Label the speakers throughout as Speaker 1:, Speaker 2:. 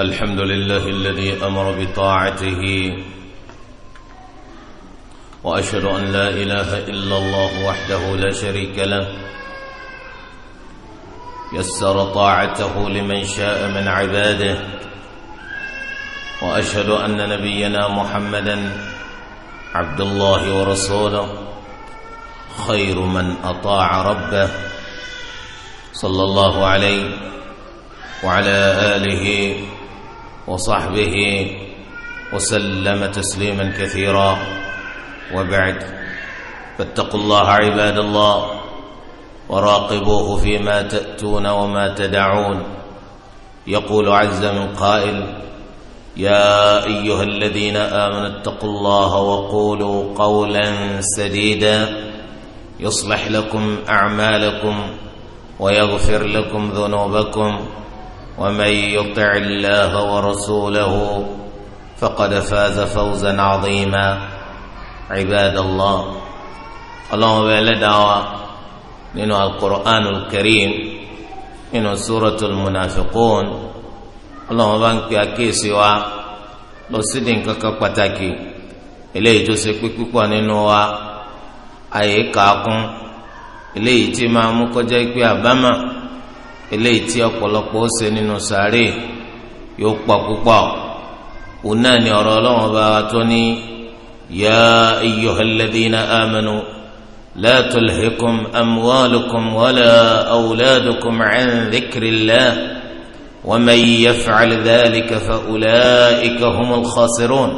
Speaker 1: الحمد لله الذي أمر بطاعته وأشهد أن لا إله إلا الله وحده لا شريك له يسر طاعته لمن شاء من عباده وأشهد أن نبينا محمدا عبد الله ورسوله خير من أطاع ربه صلى الله عليه وعلى آله وصحبه وسلم تسليما كثيرا وبعد فاتقوا الله عباد الله وراقبوه فيما تأتون وما تدعون يقول عز من قائل يا أيها الذين آمنوا اتقوا الله وقولوا قولا سديدا يصلح لكم أعمالكم ويغفر لكم ذنوبكم ومن يطع الله ورسوله فقد فاز فوزا عظيما عباد الله اللهم بلد من القرآن الكريم من سورة المنافقون اللهم بانك أكيسي و لسدين ككبتكي إليه تسكي كيكوا ننوى أي كاكم إليه تمامك جيكي أبما eléyìí tí ọ̀pọ̀lọpọ̀ ó ṣe nínú sàárè yóò pọ̀ púpọ̀ òun náà ni ọ̀rọ̀ ọlọ́wọ́n bá wa tó ní yá ayyuhal ladhina amanu la tulhikum amwalukum wala awladukum an dhikrillah wa man yaf'al dhalika fa ulaika humul khasirun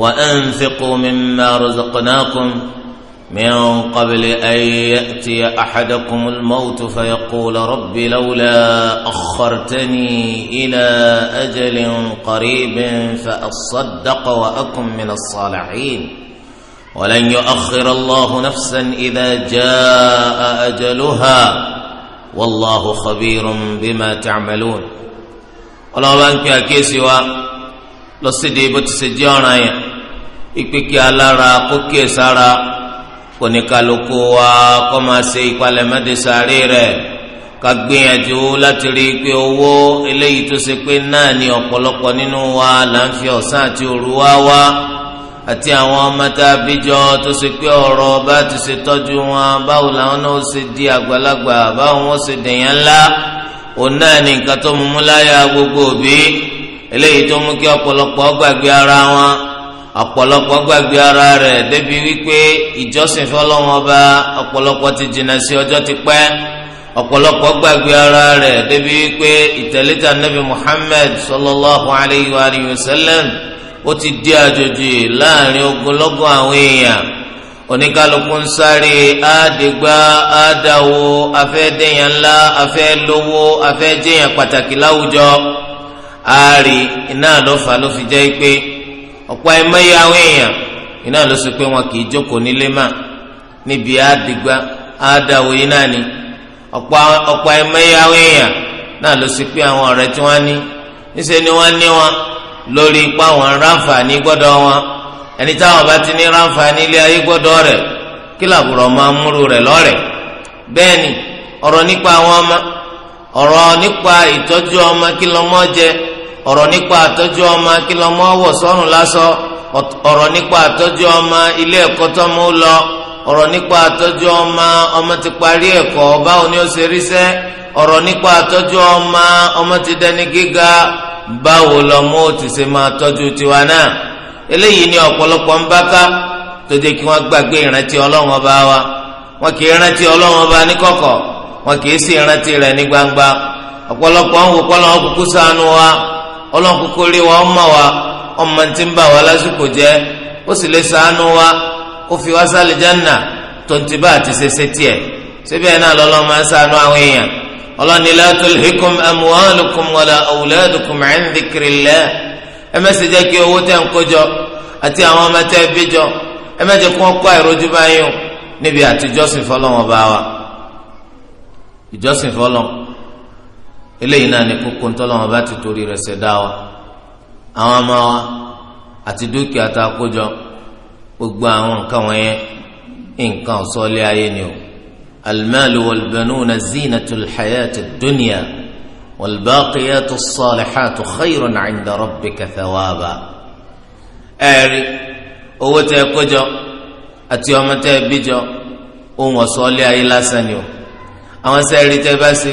Speaker 1: wa anfiqu mimma razaqnakum. من قبل أن يأتي أحدكم الموت فيقول رب لولا أخرتني إلى أجل قريب فأصدق وأكن من الصالحين ولن يؤخر الله نفسا إذا جاء أجلها والله خبير بما تعملون الله انك يا pe و wa lọ sídìí bó ti ṣe jẹ́ oníkàlùkù wa kọ́ máa ṣe ìpalẹ̀ mẹ́tẹ̀sáré rẹ̀ ká gbìyànjú láti rí i pé owó eléyìí tó ṣe pé náà ni ọ̀pọ̀lọpọ̀ nínú wa là ń fi ọ̀sán àti òru wá wá àti àwọn ọmọ tá a bí jọ tó ṣe pé ọ̀rọ̀ bá ti ṣe tọ́jú wọn báwo làwọn náà ṣe di àgbàlagbà báwo wọn ṣe dèèyàn ńlá òun náà ni nǹkan tó mú mú láyà gbogbo òbí eléyìí tó mú kí ọ̀pọ̀lọpọ̀ gbàgbé ara wọn ọ̀pọ̀lọpọ̀ gbàgbé ara rẹ̀ débi wípé ìjọsìn fọlọ́wọn ọba ọ̀pọ̀lọpọ̀ ti jìnnà sí ọjọ́ ti pẹ́ ọ̀pọ̀lọpọ̀ gbàgbé ara rẹ̀ débi wípé ìtẹ̀lẹ́tà nabi Muhammad sallallahu alayhi wa alihi wa sallam ó ti di àjòjì láàrin ogunlọ́gọ̀ àwọn èèyàn oníkálukú ń sáré àdìgbà àdàwò afẹ́dẹ̀yàn ńlá afẹ́lówó afẹ́jẹ̀yàn pàtàkì láwùjọ àárí iná ló fà ló fi jẹ́ pé. ọ̀pọ̀ ẹ̀mẹ́yẹ àwọn èèyàn iná ló sọ pé wọn kì í jókòó nílé mà níbi àdìgbà àdàwọ̀ yìí náà ni ọ̀pọ̀ ẹ̀mẹ́yẹ àwọn èèyàn náà ló sọ pé àwọn ọ̀rẹ́ tí wọ́n ní níṣẹ́ ni wọ́n ní wọn lórí ipá wọn ráǹfààní gbọ́dọ̀ wọn ẹni táwọn bá ti ní ilé ọ̀rọ̀ nípa àtọ́jú ọmọ akílọ́mọ wọ̀ sọ́run lásọ ọ̀rọ̀ nípa àtọ́jú ọmọ ilé ẹ̀kọ́ tọ́mọ lọ ọ̀rọ̀ nípa àtọ́jú ọmọ ọmọ ti parí ẹ̀kọ́ báwo ni ó ṣe ríṣẹ́ ọ̀rọ̀ nípa àtọ́jú ọmọ ọmọ ti dẹni gíga báwo lọmọ ó ti ṣe máa tọ́jú tiwa náà eléyìí ni ọ̀pọ̀lọpọ̀ ń bá ká tó dé kí wọ́n gbàgbé ìrántí ọlọ́run ọba wa wọn kì í rántí ọlọ́run ọba níkọ̀kọ̀ wọn kì í sì rántí rẹ̀ ní gbangba ọ̀pọ̀lọpọ̀ ń wò kọ́ kúkú ṣàánú wa ọlọ́run kúkú rí wa ọmọ wa ọmọ tí ń bà wá lásìkò jẹ́ ó sì lè sànú wa kó fi wá sálì jánà tonti bá àti ṣe ṣe tiẹ̀ síbẹ̀ náà lọ́lọ́ máa ń sànú àwọn èèyàn ọlọ́ni la tulhikum amwalukum wala awladukum an dhikrillah ẹ má jẹ́ kí owó tẹ̀ ń kójọ àti àwọn ọmọ tẹ́ bí jọ ẹ má jẹ́ kí kó àìrójú báyìí níbi àtijọ́sìn fọlọ́wọ́n bá wa ìjọsìn fọlọ́wọ́n eléyìí náà ni kókó ntọ́lọ́wọ́n bá ti torí rẹ̀ ṣẹ̀dá wa àwọn ọmọ wa àti dúkìá tá a kójọ gbogbo àwọn nǹkan wọ̀nyẹn nǹkan sọ́ọ́lé ayé ni o almalu walbanuna zinatul hayati dunya walbaqiyatu salihatu khayrun 'inda rabbika thawaba. ẹ̀rí owó tẹ́ kójọ àti ọmọ tẹ́ bíjọ ohun ọ̀sọ́ọ́lé ayé lásán ni o àwọn sẹ́ẹ̀rí tẹ́ bá sí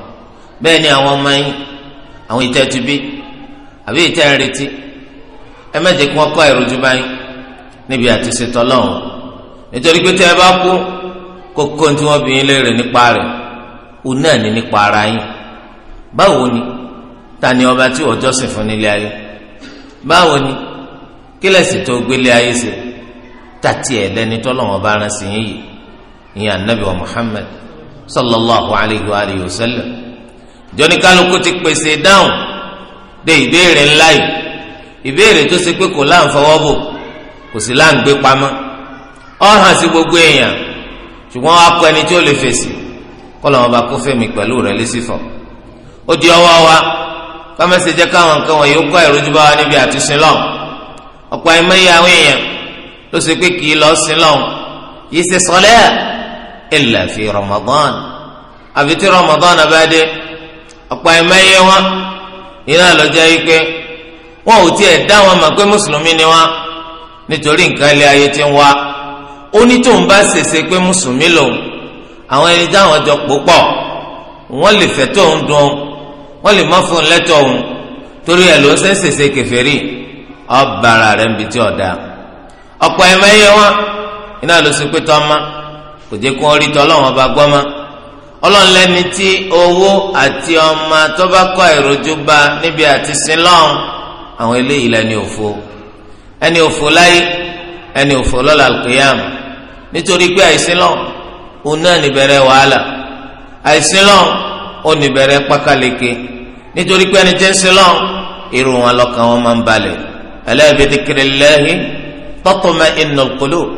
Speaker 1: bẹ́ẹ̀ ni àwọn ọmọ yín àwọn ìtẹ́ ti bí àbí ìtẹ́ ń retí ẹ má jẹ́ kí wọ́n kọ́ ìrújú báyìí níbi àti ṣètò ọlọ́run nítorí pé tẹ́ ẹ bá kú kókó tí wọ́n bí yín ara yín báwo ni ta ni ọba tí wọ́n jọ́sìn fún nílé ayé báwo ni kí lẹ̀sìn tó gbélé ayé ṣe tàti ẹ̀ lẹ́ni tọ́lọ́wọ́n bá rán anabi wa Muhammad sallallahu alayhi wa jọ́nìkálukú ti pèsè dáhùn de ìbéèrè ńlá yìí ìbéèrè tó ṣe pé kò láǹfọwọ́bò kò sí láǹgbé pamọ́ ọ hàn sí gbogbo èèyàn ṣùgbọ́n wàá kọ ẹni tí ó lè fèsì kọ́ làwọn bá kó fẹ́mi pẹ̀lú rẹ̀ lẹ́sìfọ̀ ó di ọwọ́ wa fámẹ́sì jẹ́ káwọn nǹkan wọ̀nyí ó kọ́ ìrójú bá wa níbi àtúnṣe lọ́hùn ọ̀pọ̀ ẹ̀mẹ́yẹ àwọn èèyàn ló ṣe pé kì í lọ sí lọ́hùn yìí ṣe sọlẹ́ illa fi Ramadan àfi tí Ramadan abẹ́dẹ́ ọ̀pọ̀ ẹ̀mẹ́yẹ wọn iná lọ́jọ́ yìí pé wọn ò tiẹ̀ dá wọn ma pé mùsùlùmí ni wọn nítorí nǹkan ilé ayé ti ń wá ó bá ṣèṣe pé mùsùlùmí lòun àwọn ẹni táwọn jọ pòpọ̀ wọn lè fẹ́ tóun dùn wọn lè má torí ẹ̀ ló ń rẹ̀ ọ̀pọ̀ wọn pé tọ́ ọlọ́nlẹ́ni tí owó àti ọmọ tó bá kọ́ ìrojú bá níbi àti sinlọ́n àwọn eléyìí lẹ́ni òfo ẹni òfo láyé ẹni òfo lọ́la alqiyam nítorí pé àìsinlọ́n òun náà níbẹ̀rẹ̀ wàhálà àìsinlọ́n ó níbẹ̀rẹ̀ pákáleke nítorí pé ẹni tí ń sinlọ́n irun wọn lọ́kàn wọn máa ń balẹ̀ ala bi dhikrillahi tatma'innul qulub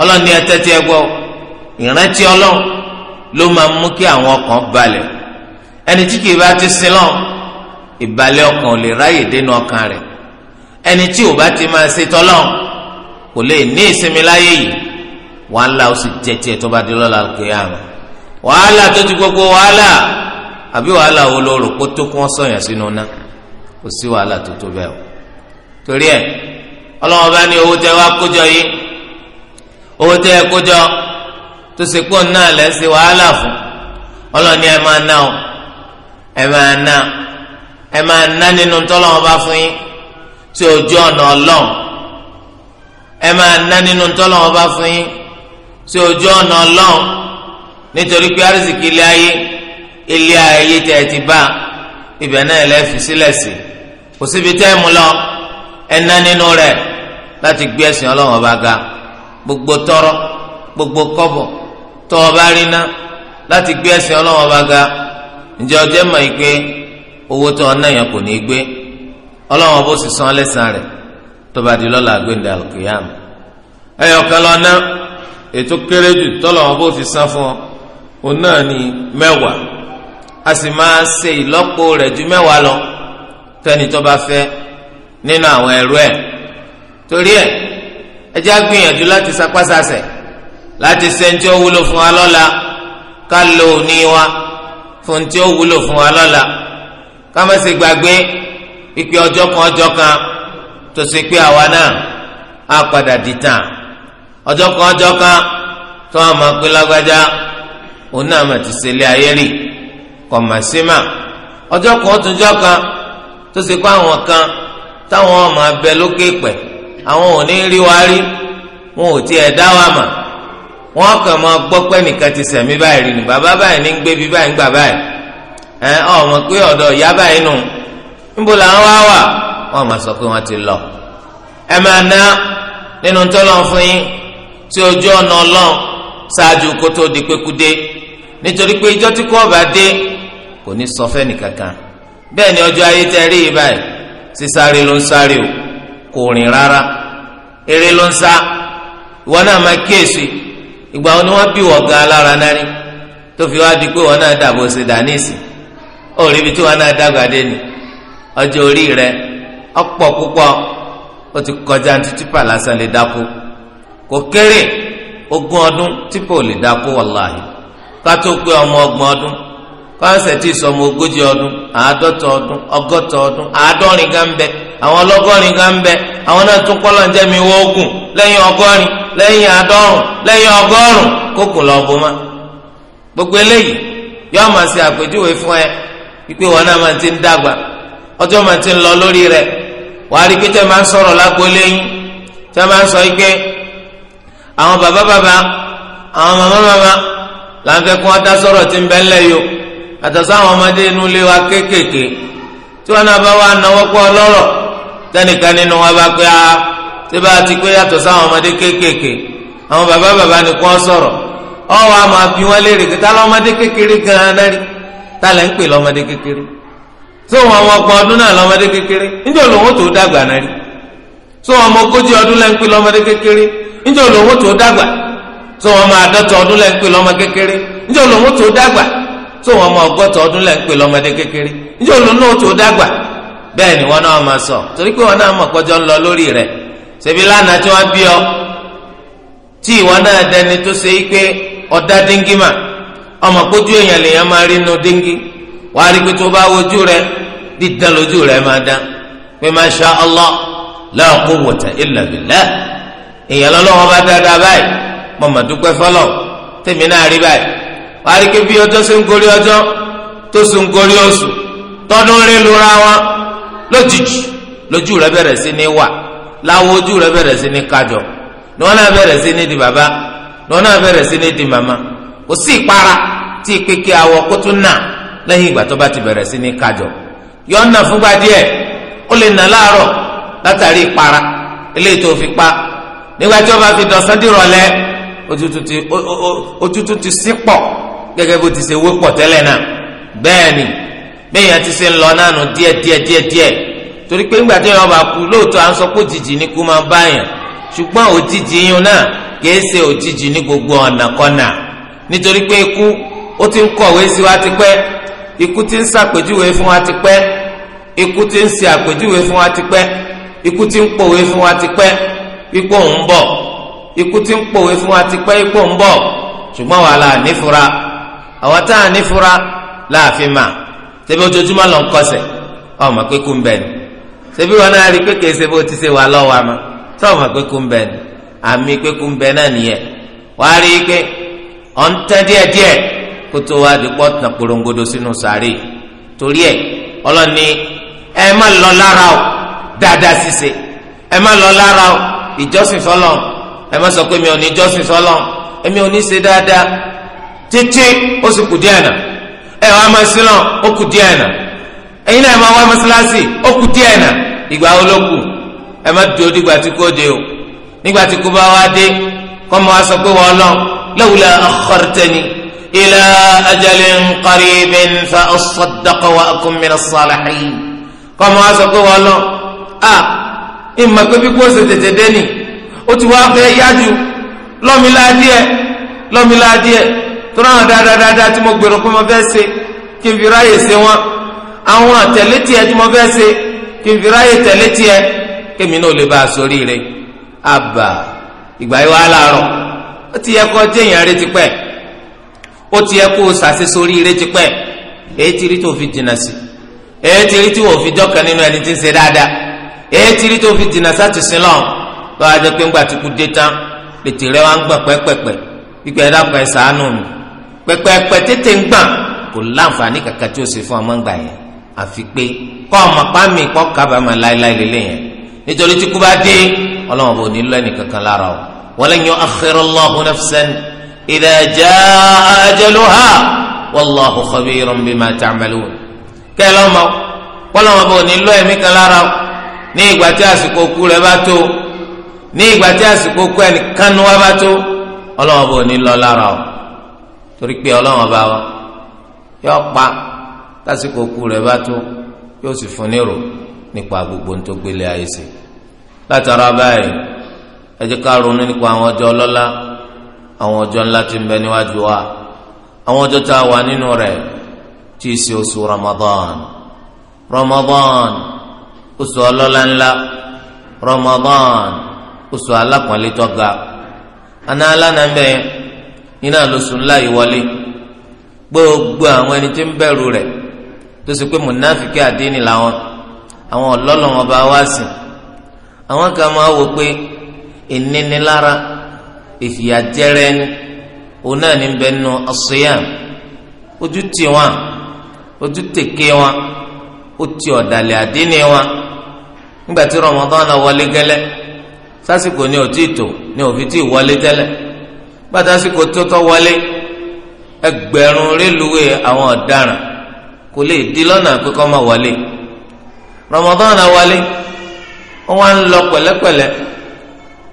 Speaker 1: ọlọ́ni ẹ gbọ́ ìrántí ló máa mú kí àwọn ọkàn balẹ̀ ẹni tí kìí bá ti sin lọ ìbalẹ̀ ọkàn ò lè ráyè dénú ọkàn rẹ̀ ẹni tí ò bá ti máa ṣe tọ́lọ̀ kò lè ní ìsinmi láyé yìí wàhálà ó sì jẹ́ tiẹ̀ tó bá dé lọ́la kíyámà wàhálà tó ti gbogbo wàhálà àbí wàhálà wo ló rò pé tó kún sọ̀yàn sínú ná kò sí wàhálà tó tó bẹ́ẹ̀ o torí ẹ̀ ọlọ́wọ́n bá ní owó tẹ wá kójọ yìí owó tẹ ẹ kójọ tó ṣe pé òun náà lẹ́ ṣe wàhálà fún ọlọ́ni ẹ máa ná o ẹ máa ná ẹ máa ná nínú tọ́lọ́wọ́n bá fún yín sí ojú ọ̀nà ọlọ́run ẹ máa ná nínú tọ́lọ́wọ́n bá fún yín sí ojú ọ̀nà ọlọ́run nítorí pé àrísìkí ilé ayé ilé ayé tẹ̀ ẹ ti bá ibẹ̀ náà lẹ́ fi sílẹ̀ sí kò síbi tẹ́ ẹ mú lọ ẹ ná nínú rẹ̀ láti gbé ẹ̀sìn ọlọ́run ọba ga gbogbo tọrọ gbogbo kọ́bọ̀ tó o bá rí ná láti gbé ẹsìn ọlọ́wọ́n bá ga ǹjẹ́ ọjọ́ mọ̀ yìí pé owó tó ọ náà yẹn kò ní í gbé ọlọ́wọ́n bó sì san lẹ́sàn rẹ̀ tó bá di lọ́la gbẹ̀ndẹ̀ alùkìyàm ẹ̀yọ̀kan lọ ná ètò kéré jù tọ́lọ́wọ́n bó fi san fún ọ òun náà ní mẹ́wàá a sì máa ṣe ìlọ́po rẹ̀ ju mẹ́wàá lọ tẹ́ni tó bá fẹ́ nínú àwọn ẹrú ẹ̀ torí ẹ̀ ẹ já gbìyànjú láti sapásásẹ̀ láti ṣe ntí ó wúlò fún wa lọ́la ká lo òní wa fún ntí ó wúlò fún wa lọ́la ká má ṣe gbàgbé pípé ọjọ́ kan ọjọ́ kan tó ṣe pé àwa náà á padà di tàn ọjọ́ kan ọjọ́ kan tó a máa pé lágbájá òun náà mà ti ṣe ilé ayé rì kọ̀ mà sí mà ọjọ́ kan ọtúnjọ́ kan tó ṣe pé àwọn kan táwọn ọmọ abẹ lókè pẹ̀ àwọn ò ní rí wa rí wọn ò tiẹ̀ dá wa mà. wọn kàn máa gbọ́ pé nìkan ti sẹ̀mí báyìí rí ni bàbá báyìí ní gbé bí báyìí ń gbà báyìí ẹ ọmọ pé ọ̀dọ̀ ìyá báyìí nù níbo làwọn wá wà wọn máa sọ pé wọn ti lọ ẹ máa ná nínú tọ́lọ̀ fún yín tí ojú ọ̀nà ọlọ́run ṣáájú kó tó di pékúdé nítorí pé ìjọ tí kò bá dé kò ní sọ fẹ́ nìkankan bẹ́ẹ̀ ni ọjọ́ ayé tẹ́ rí yìí báyìí ló ń sáré o kò rìn rárá eré ló ń sá ìwọ náà máa kíyèsí igba wo ni wọ́n bí wọ́n gan alára náà tó fi wá di pé wọ́n náà dàbò ṣe dàníìsì ó rí ibi tí náà dàgbà dé ni rẹ ó ti kọjá ní tipa lè dáko kò kéré ogún ọdún tí kò lè dáko wàláhì ká tó ọmọ ọdún kọ́ńsẹ̀ tí sọmọ ogójì ọdún àádọ́ta ọdún ọgọ́ta ọdún àádọ́rin gan bẹ àwọn ọlọ́gọ́rin gan bẹ àwọn náà tún kọ́ lọ́njẹ́ mi lẹ́yìn ọgọ́rin lẹ́yìn àádọ́rùn lẹ́yìn ọgọ́rùn kókùn lọ́ọ̀bù ma gbogbo eléyìí yóò máa ṣe àpèjúwe fún ẹ wípé wọn náà máa ti ń dàgbà ọjọ́ máa ti ń lọ lórí rẹ wàá rí pété máa ń sọ̀rọ̀ lágbo lẹ́yìn tẹ́ máa ń sọ àtọ̀ sáwọn ọmọdé inú ilé wa kéékèèké tí wọn bá wà náwó pọ̀ lọ́rọ̀ tẹnìkan nínú wọn bá pé tí bá ti pé ọmọdé kéékèèké àwọn bàbá bàbá ni kò a bí wọn léèrè kí kékeré gan-an ń pè kékeré tó wọn ọdún náà kékeré tó dàgbà náà rí tó wọn ogójì ọdún ń pè kékeré tó dàgbà tó wọn ọdún ń pè kékeré tó wọn ọmọ ọgọ́ta ọdún lẹ́ ń pè lọ́mọdé kékeré níjẹ́ òun náà tó dàgbà bẹ́ẹ̀ ni wọn náà máa sọ torí pé wọn náà mọ̀ kọjọ́ ń lọ lórí rẹ̀ ṣebí lánàá tí wọ́n bí ọ tí ìwọ náà dẹni tó ṣe é pé ọ̀dá dengue mà ọmọ kójú èèyàn lèèyàn máa rí inú dengue wàá rí pé tó bá wojú rẹ dídán lójú rẹ máa dán pé masha Allah la quwwata illa billah èèyàn bá dáadáa báyìí mo fọlọ́ tèmi náà rí báyìí àríkè bí ọjọ́ ṣe ń gorí ọjọ́ tó sùn gorí oṣù tọdún rí lura wọn lójijì lójú rẹ bẹ̀rẹ̀ sí ní wà láwo ojú rẹ bẹ̀rẹ̀ sí ní kájọ ni wọn náà bẹ̀rẹ̀ sí ní di bàbá ni wọn náà bẹ̀rẹ̀ sí ní di màmá kò sí ìpara tí awọ kó tún nà lẹ́yìn ìgbà ti bẹ̀rẹ̀ sí ní kájọ yọ nà fúngbà díẹ̀ ó lè nà láàárọ̀ látàrí ìpara eléyìí tó fi pa fi dọ̀sán dìrọ̀lẹ́ òtútù ti gẹ́gẹ́ bó ti ṣe wọ́pọ̀ tẹ́lẹ̀ náà bẹ́ẹ̀ ni bẹ́ẹ̀ yẹn ti ṣe ń lọ náà nù díẹ̀ díẹ̀ díẹ̀ díẹ̀ torí pé ńgbà téèyàn bá kú lóòótọ́ à ń sọ pé òjijì ni kú máa báyàn ṣùgbọ́n òjijì yín náà kìí ṣe òjijì ní gbogbo ọ̀nà kọ́nà nítorí pé ikú ó ti ń kọ̀wé sí wa tipẹ́ ikú ti ń ṣàpèjúwe fún wa tipẹ́ ikú ti ń ṣe àpèjúwe fún wa tipẹ́ ikú ti ń pòwe fún wa tipẹ́ ikú òun bọ̀ ikú ti ń pòwe fún wa tipẹ́ ikú òun bọ̀ ṣùgbọ́n wàhálà nífura àwọn tá ní fura láàfin ma lọ ń ọ ma pé kú ń bẹ ni sebe wọn náà rí pé kìí ṣe bó ti ṣe wà lọ́wọ́ àmọ́ ni àmì pé kú ń bẹ náà nìyẹn wàá rí i pé ń kó tó wá tàn sínú sàárè torí ọlọ́ni ẹ má lọ lára o dáadáa ṣiṣe ẹ má lọ lára o ìjọsìn ẹ má sọ pé mi ò títí ó sì kù díẹ̀ nà ẹ wá máa sí náà ó kù díẹ̀ nà ẹ̀yin náà ẹ máa wá mọ́sálásì ó kù díẹ̀ nà ìgbà wo ló kù ẹ má dúró dìgbà tí kò dé o nígbà tí kò bá wá dé kọ́ mọ́ wá sọ pé wọ́n lọ lawla akhartani ila ajalin fa asaddaqa wa akun min as-salihin kọ́ mọ́ wá sọ pé wọ́n lọ a ìmọ̀ pé bí kò ṣe tètè dé ni ó ti wá fẹ́ yájú lọ́mìlá díẹ̀ lọ́mìlá tó ráwọn dáadáa tí mo gbèrò pé mo fẹ́ ṣe kí n fi ráyè ṣe wọn àwọn àtẹ̀lé tiẹ̀ tí mo fẹ́ se kí n fi ráyè tẹ̀lé tiẹ̀ kémi náà lè bá a sórí rẹ àbà ìgbà yìí wàá láàárọ̀ ó ti yẹ kó jẹ́yìn rẹ ó ti yẹ kó sàṣẹ sórí rẹ èyí ti rí tó fi jìnnà sí èyí ti rí tí wò fi jọ́kàn nínú ẹni tí ń dáadáa èyí ti rí tó fi pẹpẹpẹ tètè ń gbà kò láǹfààní kàkà tí ó ṣe fún ọmọ ńgbà yẹn àfi pé kọ́ ọmọ pàmì kọ́ kábàámà láéláé lélẹ̀ yẹn nítorí tí kú bá dé ọlọ́wọ́n bò ní lọ́ọ̀nì kankan lára o walan yu'akhkhira Allahu nafsan idha jaa ajaluha wallahu khabirun bima ta'malun kẹ́lọ́ mọ́ kọ́lọ́wọ́n bò ní lọ́ọ̀mí kan lára o ní ìgbà tí àsìkò kú rẹ̀ bá tó ní ìgbà tí àsìkò kú ẹnìkan wá bá tó ọlọ́wọ́n bò ní lọ́ọ̀ lára o torí pé ọlọ́run ọba wa yọ pa tásìkò kú rẹ̀ bá tó yóò sì fún nírò nípa gbogbo ní tó gbélé ayé sí látara báyìí ẹ ká ronú nípa àwọn ọjọ́ ọlọ́lá àwọn ọjọ́ ńlá tí ń bẹ níwájú wa àwọn ọjọ́ tá a wà nínú rẹ̀ tí í ṣe oṣù Ramadan Ramadan oṣù ọlọ́lá ńlá Ramadan oṣù alákùnrin tó ga àná alánàmbẹ́yẹn. iná lóṣù ńlá yìí wọlé gbogbo àwọn ẹni tí ń bẹ̀rù rẹ̀ tó ṣe pé mùnáfíkì àdínì làwọn àwọn ọlọ́lọ́wọ́n bá wá sí àwọn kan máa wò pé ìnínilára ìfìyàjẹrẹ ni òun náà ní bẹ nínú as ojú ti ọ̀dàlẹ̀ àdínì wọn nígbà tí Ramadan náà wọlé sásìkò ni ò tí ì tò ni tí gbàtàsíkò tó tọ́ wọlé ẹgbẹ̀rún rélùwé àwọn ọ̀daràn kò lè di lọ́nà pé kọ́ máa wọlé Ramadan náà wọlé wọn ń lọ pẹ̀lẹ́pẹ̀lẹ́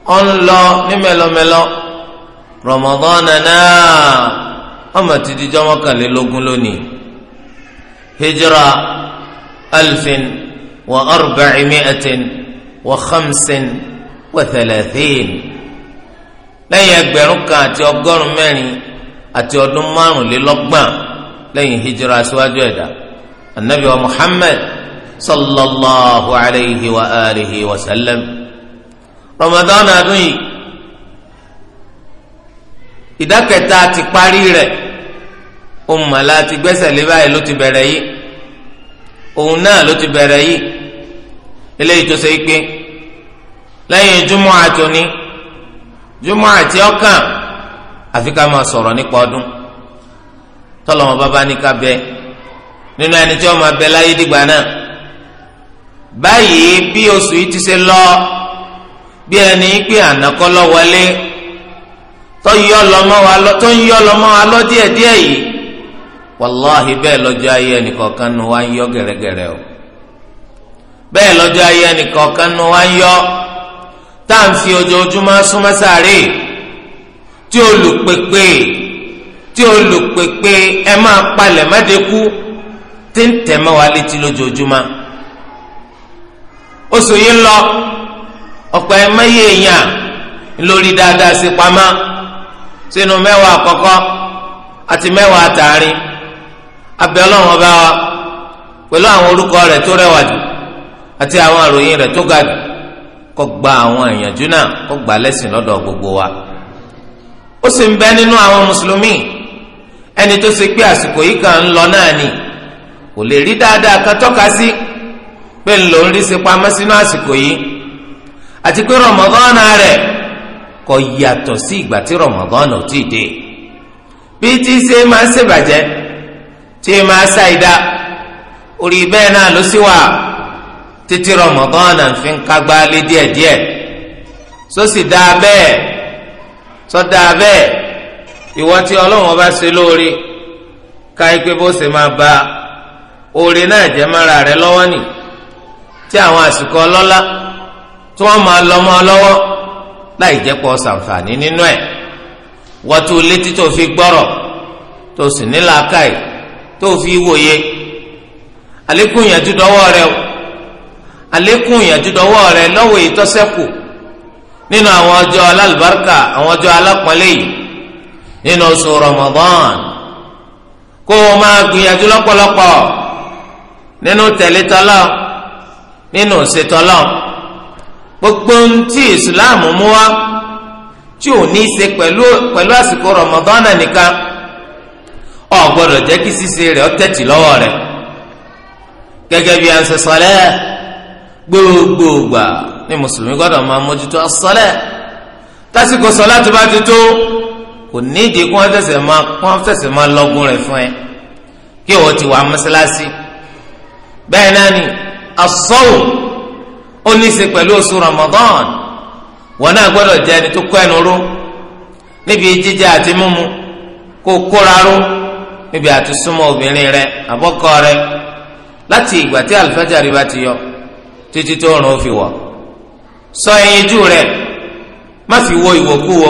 Speaker 1: wọn ń lọ ní mẹ́lọmẹ́lọ Ramadan náà ọmọ ti di jọmọ lónìí hijra alfin wa arba'i mi'atin wa khamsin wa thalathin lẹ́yìn ẹgbẹ̀rún kan àti ọgọ́rùn mẹ́rin àti ọdún márùnlélọ́gbọ̀n lẹ́yìn hijira aṣáájú ẹ̀dá anabi wa muhammed sallallahu alayhi wa alihi wa sallam ramadan adun yìí ìdákẹ́ta ti parí rẹ̀ umma láti gbẹ́sẹ̀ lé báyìí ló ti bẹ̀rẹ̀ yìí òun náà ló ti bẹ̀rẹ̀ yìí eléyìí tó ṣe é pé lẹ́yìn júmọ́ àtòní júmọ́ àti ọ̀kan àfi ká máa sọ̀rọ̀ nípa ọdún tọ́lọ́mọ bàbá ní ká bẹ nínú ẹni tí wọ́n máa bẹ láyé dìgbà náà báyìí bí oṣù yìí ti ṣe lọ bí ẹni pé ànákọ́lọ́ wọlé tó ń yọ lọ́mọ́ wa lọ díẹ̀díẹ̀ yìí wàláhì bẹ́ẹ̀ lọ́jọ́ ayé ẹnìkọ̀ọ̀kan nu wa ń yọ gẹ̀rẹ́gẹ̀rẹ́ o bẹ́ẹ̀ lọ́jọ́ ayé ẹnìkọ̀ọ̀kan nu wa ń yọ tá à ń fi ojoojúmọ́ súnmọ́ sáré tí olùpèpè tí olùpèpè ẹ máa palẹ̀ mẹ́dẹ́kú tí ń tẹ̀mọ́ wa létí lójoojúmọ́ oṣù yìí ń lọ ọ̀pọ̀ ẹ mẹ́yẹ èèyàn lórí dáadáa sí pamọ́ sínú mẹ́wàá àkọ́kọ́ àti mẹ́wàá àtàrin abẹ́ ọlọ́run ọba wa pẹ̀lú àwọn orúkọ rẹ̀ tó rẹwà jù àti àwọn àròyìn rẹ̀ tó ga Kọ gba àwọn ìyànjú náà kọ gba lẹ́sìn gbogbo wa ó sì ń bẹ nínú àwọn mùsùlùmí ẹni tó ṣe pé àsìkò yìí kan ń lọ náà ni kò lè rí dáadáa kan tọ́ka sí pé ń lò ń rí ṣe pamọ́ sínú àsìkò yìí àti pé rọmọdọ́nà rẹ̀ kò yàtọ̀ sí ìgbà tí rọmọdọ́nà ò tí ì dé bí tí ṣe máa ń ṣèbàjẹ́ tí wà. Titi rọmọdán àfi ń kágbá lé díẹ̀díẹ̀ sósì dáa bẹ́ẹ̀ sọ dáa bẹ́ẹ̀ ìwọ tí Ọlọ́run ọba ṣe lóore ká ipe bó ba oore náà jẹ́ mára rẹ lọ́wọ́ nì tí àwọn àsìkò ọlọ́lá tí wọ́n máa lọ mọ́ ọ lọ́wọ́ láì jẹ́ pọ̀ ṣàǹfààní nínú ẹ̀ wọ́n tó létí tó fi gbọ́rọ̀ tó sì ní làákàyè tó fi wòye àlékún yẹn tó dọ́wọ́ rẹ o àlékún ìyànjú dọwọ́ rẹ lọ́wọ́ ìtọ́sẹ́kù nínú àwọn ọjọ́ alálùbáríkà àwọn ọjọ́ alápọ̀nlé yìí nínú Ramadan kó o ma gbìyànjú lọ́pọ̀lọpọ̀ nínú tẹ̀lé nínú gbogbo Islam tí ní pẹ̀lú pẹ̀lú àsìkò nìkan jẹ́ kí gẹ́gẹ́ gbogbogbà ní mùsùlùmí gbọ́dọ̀ máa mójútó asọlẹ tásìkò sọlá tó bá ti tó kò nídìí kí wọn fẹsẹ̀ máa kọ́ fẹsẹ̀ máa lọ́gùn rẹ̀ fún ẹ kí wọn ti wà mọ́sálásí bẹ́ẹ̀ náà ni asọ́wò ó ní í ṣe pẹ̀lú oṣù Ramadan wọn náà gbọ́dọ̀ jẹ́ ẹni tó kọ́ ẹnu ró níbi jíjẹ àti mímu kó kóra ró níbi àti súnmọ́ obìnrin rẹ àbọ́kọ rẹ láti ìgbà tí àlùfáàjà rí bá ti yọ títí tó rùn ó fi wọ̀ sọ ẹyinjú rẹ má fi wo ìwòkúwo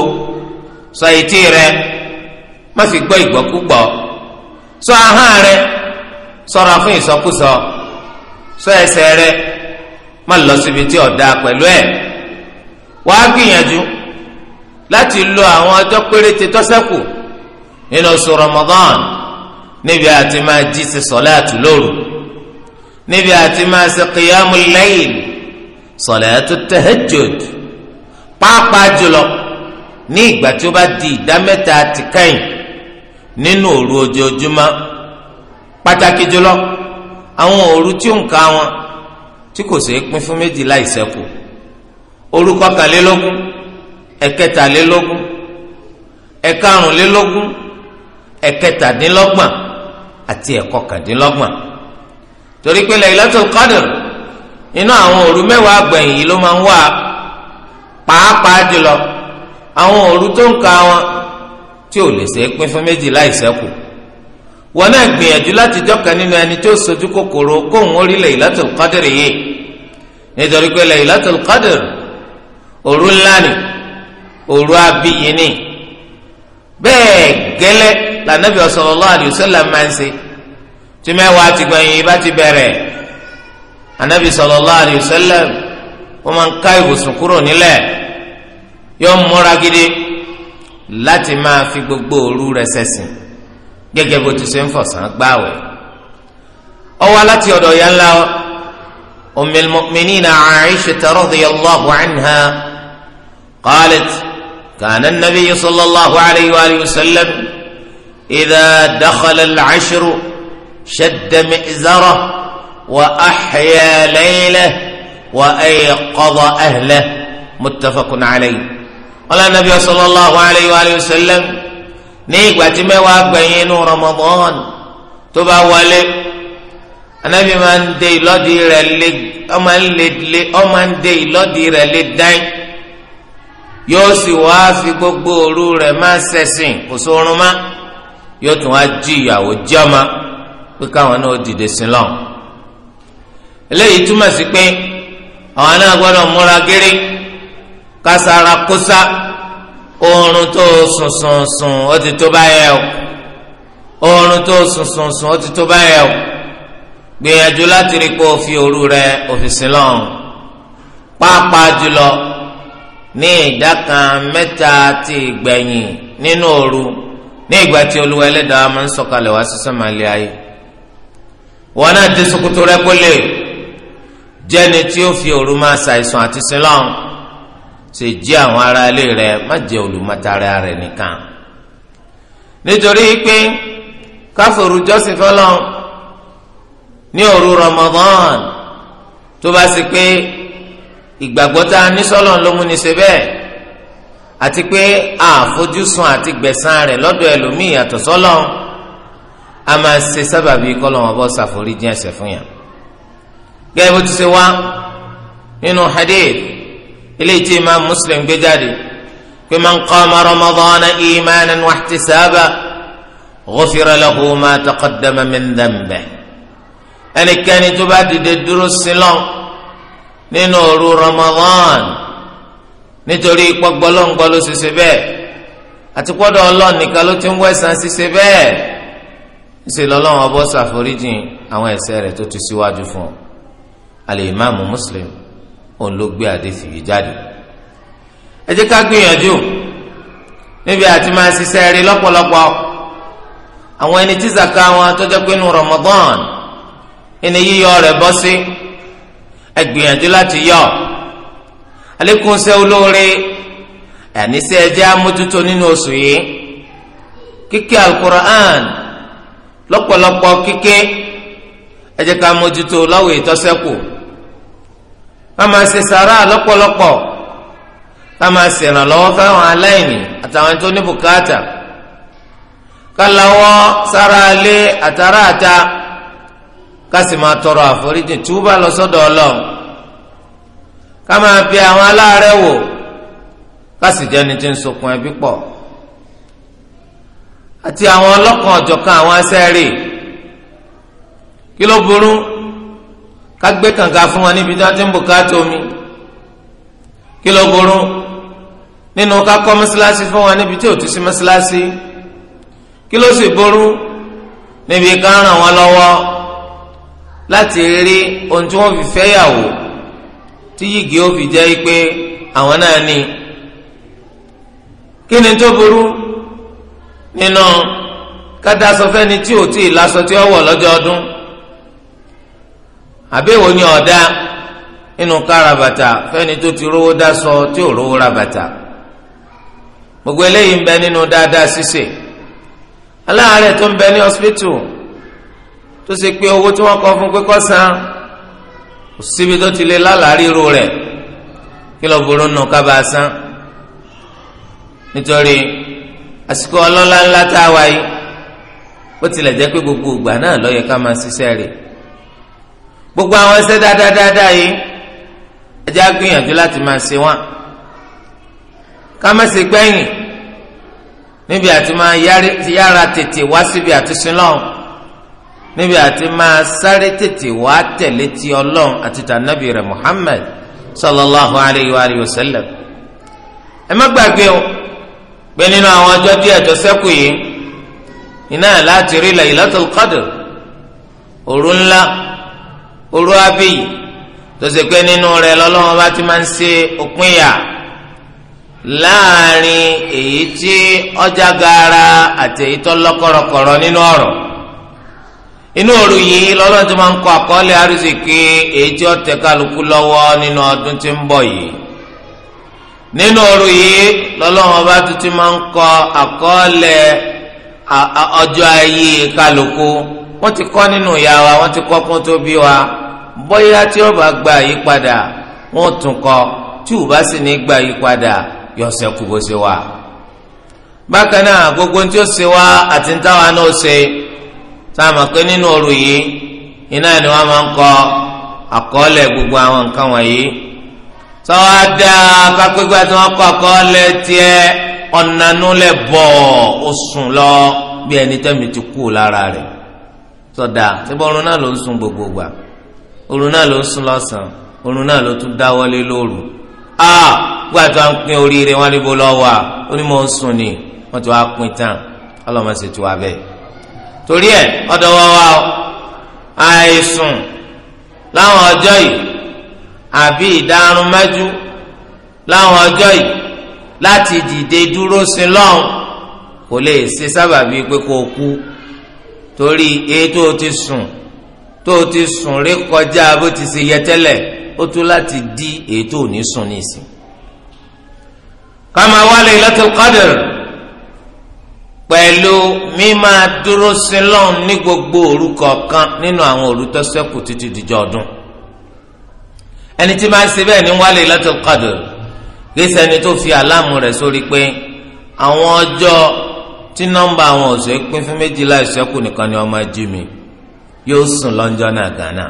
Speaker 1: sọ etí rẹ má fi gbọ́ ìgbọ́kúgbọ́ sọ ahọ́n rẹ ṣọ́ra fún ìsọkúsọ sọ ẹsẹ̀ rẹ má lọ síbi tí ọ̀dà pẹ̀lú ẹ̀ wàá gbìyànjú láti lo àwọn ọjọ́ péréte tó ṣẹ́kù nínú oṣù Ramadan níbi àti máa jí ṣe sọ̀láàtù lóru níbi àti máa ṣe qiyamul layl salatu tahajjud pàápàá jùlọ ní ìgbà tí ó bá di ìdá mẹ́ta ti kẹ́yìn nínú òru ojoojúmọ́ pàtàkì jùlọ àwọn òru tí ó ń ka wọn tí kò ṣeé pín fún méjì láì ṣẹ́kù òru kọkànlélógún ẹ̀kẹtàlélógún ẹ̀karùnlélógún ẹ̀kẹtàdínlọ́gbọ̀n àti ẹ̀kọkàndínlọ́gbọ̀n torí pé Lailatul Qadr inú àwọn òru mẹ́wàá gbẹ̀yìn yìí ló máa ń wà pàápàá jùlọ àwọn òru tó ń ka wọn tí ò lè ṣe é pín fún méjì láì ṣẹ́kù wọn náà gbìyànjú láti jọ́ka nínú ẹni tó sojú kòkòrò kóhùn orí Lailatul Qadr yìí nítorí pé Lailatul Qadr òru ńlá ni òru abiyini bẹ́ẹ̀ gẹ́lẹ́ lànàbí sallallahu alaihi wasallam máa ń ṣe tí mẹ́wàá ti gbẹ̀yìn ibà ti bẹ̀rẹ̀ anabi sallallahu alayhi wa sallam wọ́n máa ń ká ibùsùn kúrò nílẹ̀ yóò múra gidi láti máa fi gbogbo òru rẹ̀ ṣẹ̀sìn gẹ́gẹ́ bó ti ṣe ń fọ̀sán gbáwẹ̀ ọwọ́ láti ọ̀dọ̀ ya ńlá ummul mu'minina Aisha radiyallahu anha qalat kana an sallallahu alayhi wa sallam idha dakhala al شد مئزره وأحيا ليله وأيقظ أهله متفق عليه قال النبي صلى الله عليه وآله وسلم نيجوا تموا بين رمضان تبا ولي anabi máa ń de ìlọ́dì rẹ̀ lé ọmọ ń lè lé ọmọ ń de ìlọ́dì rẹ̀ lé dáin yóò sì wá fi gbogbo òru rẹ̀ máa ṣẹ̀sìn kò sórun má yóò tún wá jí ìyàwó jẹ́ ọmọ pé káwọn náà dìde sí lọ eléyìí túmọ̀ sí pé àwọn náà gbọ́dọ̀ múra gírí kására kósá oorun tó sùn sùn sùn ó ti tó báyẹn o oorun tó sùn sùn sùn ó ti tó báyẹn o gbìyànjú láti rí pé o fi òru rẹ òfìsí lọ́hùn pàápàá jùlọ ní ìdá kan mẹ́ta ti ìgbẹ̀yìn nínú òru ní ìgbà tí Olúwa ẹlẹ́dàá máa ń sọ̀kalẹ̀ wá sí ayé wọn náà dé ṣòkòtò rẹ kó lè jẹni tí ó fi òru máa ṣàìsàn àti sinlọ́n ṣe jí àwọn ará ilé rẹ má jẹ olùmọ̀tara rẹ nìkan nítorí pé káfòrú jọ́sìn fọlọ́n ní òru Ramadan tó bá sì pé ìgbàgbọ́ tá a ní sọ́lọ́n ló mú ní ṣe bẹ́ẹ̀ àti pé àfojúsùn àti gbẹ̀san rẹ̀ lọ́dọ̀ ẹlòmíì yàtọ̀ a máa ṣe sábàbí kọ́lọ́mọ bọ́ ṣàforíjì ẹ̀ṣẹ̀ fún yàn. gẹ́gẹ́ bó ti ṣe wá nínú hadith eléyìí tí imaam muslim gbé jáde pé man qama ramadana imanan wahtisaba ghufira lahu ma taqaddama min dhanbi. ẹnikẹ́ni tó bá dìde dúró sílọ̀ nínú òru ramadan nítorí pọ́gbọ́lọ́ngbọ́ ló bẹ́ẹ̀ àti pọ́dọ̀ ọlọ́ọ̀nìkan ló ti ń wẹ̀sán ṣiṣẹ́ bẹ́ẹ̀ ṣe lọ́lọ́run ọbọ̀ ṣàforíjìn àwọn ẹ̀ṣẹ̀ rẹ̀ tó ti síwájú fún ọ alimami muslim òun ló gbé àdéhùn yìí jáde ẹ jẹ́ ká gbìyànjú níbi àti máa ṣiṣẹ́ rí lọ́pọ̀lọpọ̀ àwọn ẹni tí zaka wọn tó jẹ́ pé nu Ramadan ẹni yíyọ rẹ̀ bọ́ sí ẹ gbìyànjú láti yọ àlékún ṣe olóore àníṣe ẹ jẹ́ amójútó nínú oṣù yìí kíké alukur'an lọ́pọ̀lọpọ̀ kíké ẹ jẹ́ ká mójútó lọ́wọ́ ìtọ́sẹ́kù ká máa ṣe sàrà lọ́pọ̀lọpọ̀ ká máa ṣèrànlọ́wọ́ fáwọn aláìní àtàwọn tó ní bùkátà ká lawọ́ sára lé àtàrà àta ká sì máa tọrọ àforíjì túbà lọ sọ́dọ̀ Ọlọ́run ká àwọn aláàárẹ̀ wò ká sì tí ń sokùn ẹbí pọ̀ àti àwọn ọlọ́kan ọ̀jọ̀kan àwọn asẹ́rì kí ló burú ká gbé kànga fún wọn níbi tí wọ́n ti ń bùkátà omi kí ló burú nínú ká kọ́ fún wọn níbi tí ò ti sí mọ́sálásí kí ló sì burú níbi ká ràn wọ́n lọ́wọ́ láti rí ohun tí wọ́n fi fẹ́yàwó tí yìgì ó fi jẹ́ pé àwọn náà ní kí ni tó burú. nínú kádà sọ tí o tí lasọ tí ọ wọ lọ́jọ́ ọdún àbẹ̀wò ni ọ̀dá nínú kára bàtà tó ti rówó dá sọ tí ò rówó ra gbogbo eléyìí ń bẹ nínú dáadáa ṣíṣe aláàárẹ̀ tó ń bẹ ní hospital tó ṣe pé owó tí kọ san síbi tó ti kí lọ́ọ́ burú nù san nítorí àsìkò ọlọ́lá ńlá tá a wá yìí bó tilẹ̀ jẹ́ pé gbogbo ìgbà náà ló yẹ ká máa ṣiṣẹ́ rẹ̀ gbogbo àwọn ẹsẹ̀ dáadáa yìí ẹ jẹ́ á gbìyànjú láti máa ṣe wọ́n ká má ṣe gbẹ̀yìn níbi àti máa yára tètè wá síbi àtúnṣe lọ́hùn níbi àti máa sáré tètè wá tẹ̀lé ti ọlọ́hùn àti tànàbì rẹ̀ Muhammad sallallahu alayhi wa sallam ẹ má gbàgbé o pé nínú àwọn ọjọ́ díẹ̀ tó ṣẹ́kù yìí iná láti rí Laylatul Qadr òru ńlá òru abiyì tó ṣe pé nínú rẹ̀ lọ́lọ́wọ́n bá ti máa ń ṣe òpin yà láàrin èyí tí ọjà gaara àti èyí tó lọ́kọ̀rọ̀kọ̀rọ̀ nínú ọ̀rọ̀ inú òru yìí lọ́lọ́run ti máa ń kọ àkọọ́lẹ̀ àrísìkí èyí tí ó tẹ̀ kálukú lọ́wọ́ nínú ọdún tí ń bọ̀ yìí. nínú ọ̀rọ̀ yìí lọ́lọ́wọ́n ọba tuntun máa ń kọ àkọọ́lẹ̀ ọjọ́ ayé kálukú wọ́n ti kọ́ nínú ìyá wa wọ́n ti kọ́ kún tó bí wa bóyá tí ó bá gba àyípadà wọ́n tún kọ tí ò bá sì ní gba àyípadà yọ sẹkù bó ṣe wà. bákan náà gbogbo tí ó ṣe wá àti ń táwa náà ṣe tá a mọ̀ pé nínú ọ̀rọ̀ yìí iná ni wọ́n máa ń kọ àkọọ́lẹ̀ gbogbo àwọn nǹkan wọ̀nyí. sọ́wádà kápẹ́gbà tí wọ́n kọ́ ọkọ lẹ tiẹ̀ ọ̀nànú lẹ bọ̀ ó sùn lọ bí ẹni tẹ́mi ti kú lára rẹ̀ sọ́dà síbẹ̀ oorun náà ló ń sùn gbogbo gbà oorun náà ló ń sùn lọ́sàn-án náà ló tún dáwọ́lé lóru a gbà tí wọ́n pín oríire wọn níbo lọ́ wà ó ní mò ń sùn ni wọ́n ti wá pín tán ọlọ́mọ ti wá bẹ́ẹ̀ torí ẹ̀ ọ̀dọ̀ wọ́n àìsùn láwọn ọjọ́ yìí àbí ìdárunmọ́jú láwọn ọjọ́ yìí láti dìde dúró sin lọ́hùn kò lè ṣe sábàbí pé kó o kú torí èyí tó o ti sùn tó o ti sùn rí kọjá bó ti ṣe yẹ tẹ́lẹ̀ ó tó láti di èyí tó o ní sùn nísìn. kama wá Laylatul Qadr pẹ̀lú mímáa dúró sin lọ́hùn ní gbogbo òru kọ̀ọ̀kan nínú àwọn òru tó ṣẹ́kù títí dìjọ́ ọdún ẹni tí máa ń ṣe bẹ́ẹ̀ ní wálé lailatul qadr gbèsè ẹni tó fi àlámù rẹ̀ sórí pé àwọn ọjọ́ tí nọ́mbà àwọn ọ̀sẹ̀ pín fún méjìlá ìṣẹ́kù nìkan ni wọ́n máa jí mi yóò sùn lọ́njọ́ náà gánà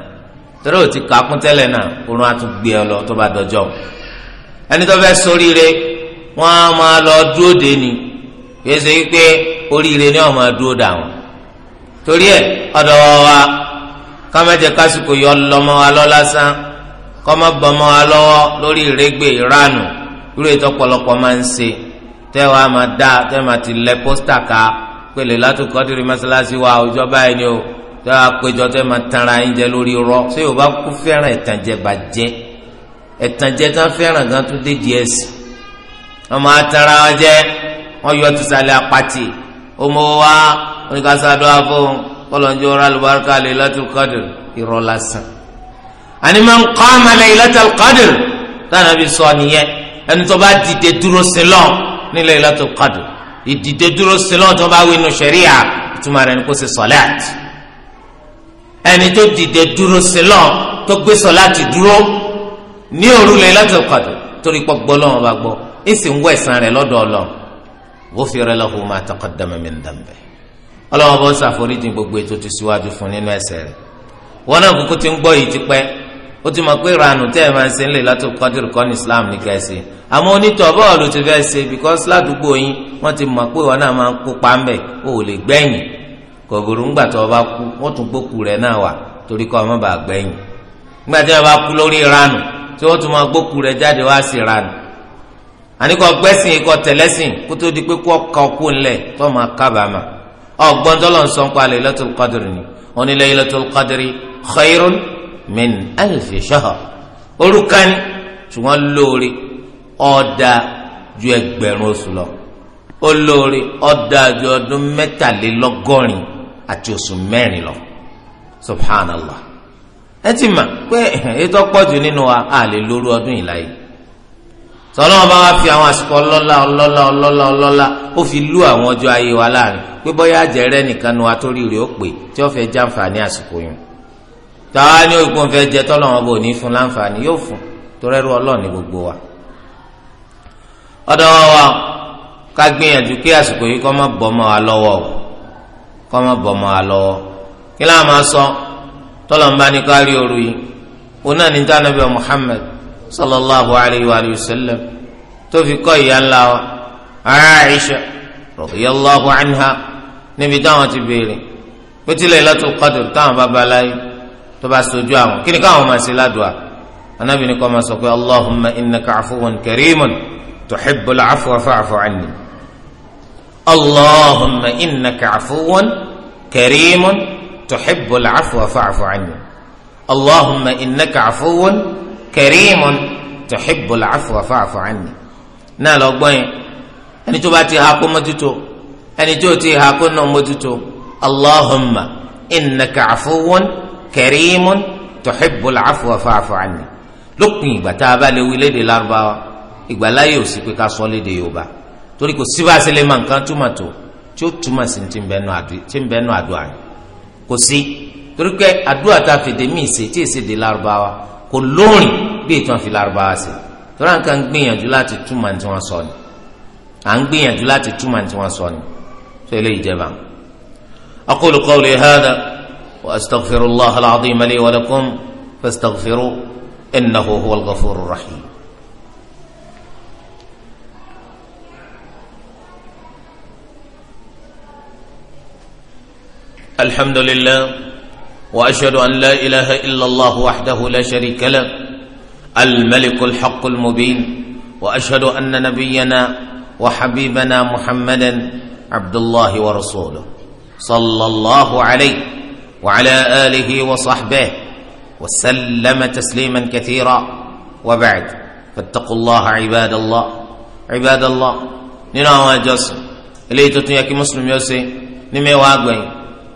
Speaker 1: torí ò ti kà á kún tẹ́lẹ̀ náà oorun á tún gbé ọ lọ tó bá dọjọ́ ẹni tó fẹ́ soríire wọ́n á máa lọ dúró dé ni gbèsè wípé oríire ni wọ́n máa dúró dà wọ́n torí ẹ̀ ọ̀dọ̀ wa ká kásìkò yọ lọ́mọ wa lọ lásán kọ́mọ́ bọ́mọ́ wa lọ́wọ́ lórí ìrégbè ìranù irú ètò ọ̀pọ̀lọpọ̀ máa ń ṣe tẹ́wàá máa dá tẹ́wàá ti lẹ pósítà ká pèlè látòkọ́dìrì mọ́sálásí wa òjọ́ báyìí ni o tẹ́wàá péjọ tẹ́wàá máa tanra yín jẹ lórí rọ ṣé Yorùbá kú fẹ́ràn ẹ̀tànjẹ bàjẹ́ ẹ̀tànjẹ tán fẹ́ràn gan tó dé di ẹ̀sìn wọ́n máa tanra wọn jẹ wọ́n yọ tùsàlẹ̀ àpàtì ọmọ wa oníkàsá dọ́ àfọ̀ kọ́lọ́njọ́ rálùbáríkà lè látòkọ́dìrì ìrọ̀ lásán àní man qama laylatal qadr táwọn àbí sọ nìyẹn ẹni tó bá dìde dúró sílọ̀ ní laylatal qadr ìdìde dúró sílọ̀ tó bá wínú sẹ̀ríà ìtumọ̀ rẹ̀ ni kò ṣe sọ̀láàt ẹni tó dìde dúró sílọ̀ tó gbé sọ̀láàt dúró ní òru laylatal qadr torí pọ̀ gbọ́ lọ́wọ́ bá gbọ́ ìsì ń wọ ẹ̀san rẹ̀ lọ́dọ̀ Ọlọ́run ghufira lahu ma taqaddama min dhanbi Ọlọ́run bó ṣàforíjì gbogbo ètò tó síwájú fún nínú ẹ̀ṣẹ̀ rẹ̀ wọn náà kúkú ti ń gbọ́ yìí ti pẹ́ ó ti mọ̀ pé ìranù tẹ́ ẹ máa ń ṣe ń lè látò kọ́dìrì islam ní kẹ́sì àmọ́ onítọ̀ bọ́ọ̀lù ti fẹ́ ṣe because ládùúgbò yín wọ́n ti mọ̀ pé wọn náà máa ń kópa ń bẹ̀ ó lè gbẹ̀yìn kò burú ńgbà tó o bá kú wọ́n tún gbókù rẹ̀ náà wà torí kọ́ ọmọ bá gbẹ̀yìn ńgbà tí wọ́n bá kú lórí ìranù tí wọ́n tún máa gbókù rẹ̀ jáde wá sí ìranù àníkọ́ gbẹ́sìn ikọ̀ tẹ̀lẹ́sìn kó tó di pé kó ọkọ̀ kú ńlẹ̀ tó máa kábàámà ọgbọ́n tọ́lọ́ ń sọ ń pa Laylatul Qadr ni oní Laylatul Qadr khayrun min alfi shahr òrùka ni ṣùgbọ́n lóore ọ̀dà ju ẹgbẹ̀rún oṣù lọ ó lóore ọ̀dà ju ọdún mẹ́tàlélọ́gọ́rin àti oṣù mẹ́rin lọ subhanallah ẹ ti mà pé ètò pọ̀jù nínú wa a lè lóru ọdún yìí láyé sọlọ́wọ́ bá wá fi àwọn àsìkò ọlọ́lá ọlọ́lá ọlọ́lá ọlọ́lá ó fi lú àwọn ọjọ́ ayé wa láàrin pé bọ́yá àjẹrẹ́ nìkan nu atórí rẹ̀ ó pè tí ó fẹ́ jàǹfààní àsìkò yìí táwa ní òkun fẹ́ jẹ tọ́lọ̀ wọn bò ní fún láǹfààní yóò fún torẹ́rú ọlọ́ọ̀ ní gbogbo wa. ọ̀dọ̀ wọn wa ká gbìyànjú kí àsìkò yìí kọ́ mọ́ bọ́ mọ́ wa lọ́wọ́ o kọ́ mọ́ bọ́ mọ́ wa lọ́wọ́ kí láà máa sọ tọ́lọ̀ ń bá ní kárí ooru yìí òun náà ní tánàbí Muhammad sallallahu alayhi wa sallam tó fi kọ́ ìyá ńlá wa Aisha radiyallahu anha níbi táwọn ti béèrè pé tí Laylatul Qadr táwọn bá ba láyé tó bá sojú àwọn kí ni káwọn máa ṣe ládùá anábì ní kó máa sọ pé allahumma innaka afuwun karimun tuhibbul afwa fa'fu anni allahumma innaka afuwun karimun tuhibbul afwa fa'fu anni allahumma innaka afuwun karimun tuhibbul afwa fa'fu anni náà lọ gbọ́n yẹn ẹni tó bá ti ha kó mójútó ẹni tó ti ha kó náà mójútó allahumma innaka afuwun karimun kẹrìmún tuhibbul afwa fa'fu anni lópin ìgbà tá a bá lè wí léde lárúbáwá ìgbà láyé ò sí pé ká sọ léde yorùbá torí kò síbáṣe lè máa nǹkan túmọ̀ tó tí ó túmọ̀ sí ti ń bẹnu àdúrà yìí kò sí torí pé àdúrà tá a fèdè míì ṣe tí èsèdè lárúbáwá kò lóòrìn bí ìtàn fi lárúbáwá ṣe torí à ń gbìyànjú láti túmọ̀ tí wọ́n sọ ni à ń gbìyànjú láti túmọ̀ tí wọ́n sọ ni tó eléyìí jẹba. aqulu qawli hadha. واستغفر الله العظيم لي ولكم فاستغفروا انه هو الغفور الرحيم الحمد لله واشهد ان لا اله الا الله وحده لا شريك له الملك الحق المبين واشهد ان نبينا وحبيبنا محمدا عبد الله ورسوله صلى الله عليه وعلى آله وصحبه وسلم تسليما كثيرا وبعد فاتقوا الله عباد الله عباد الله نينا واجوس اللي تطني ياكي مسلم يوسي نمي واقبين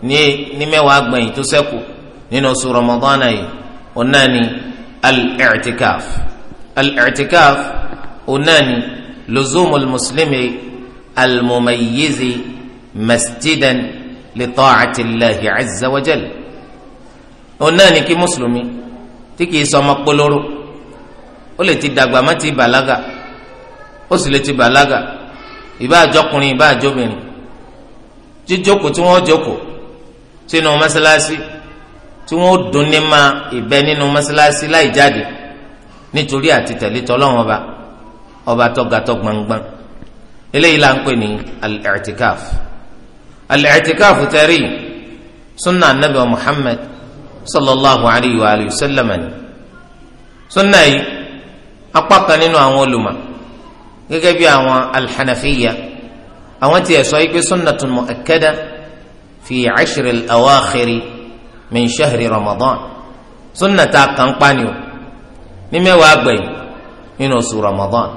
Speaker 1: ني نمي واقبين تسكو نينا سورة رمضان اي وناني الاعتكاف الاعتكاف وناني لزوم المسلم المميز مسجدا li ta'ati Allahi azza wa jalla òun náà ní kí mùsùlùmí tí kìí sọ ọmọ polóró ó lè ti dàgbà má ti bàlágà ó sì lè ti bàlágà ìbá àjọkùnrin ìbá àjọbìnrin jíjókòó tí wọ́n jókòó sínú mọ́sálásí tí wọ́n dùn ní ma ìbẹ nínú mọ́sálásí láì jáde nítorí àti tẹ̀lé tọ́lọ́run ọba ọba tọ́gatọ́ gbangban eléyìí là ń pè ní al-i'tikaf al-i'tikafu tẹ̀rí sunna anabi wa muhammad sallallahu alayhi wa alayhi wa sallam ni sunna yìí apá kan nínú àwọn olùmọ̀ gẹ́gẹ́ bí àwọn alhanafiya àwọn tiẹ̀ sọ yìí pé sunnatun mu'akkada fi ashri al-awakhiri min shahri ramadan sunna ta kàn pa ni o ní mẹ́wàá gbẹ̀yìn nínú oṣù ramadan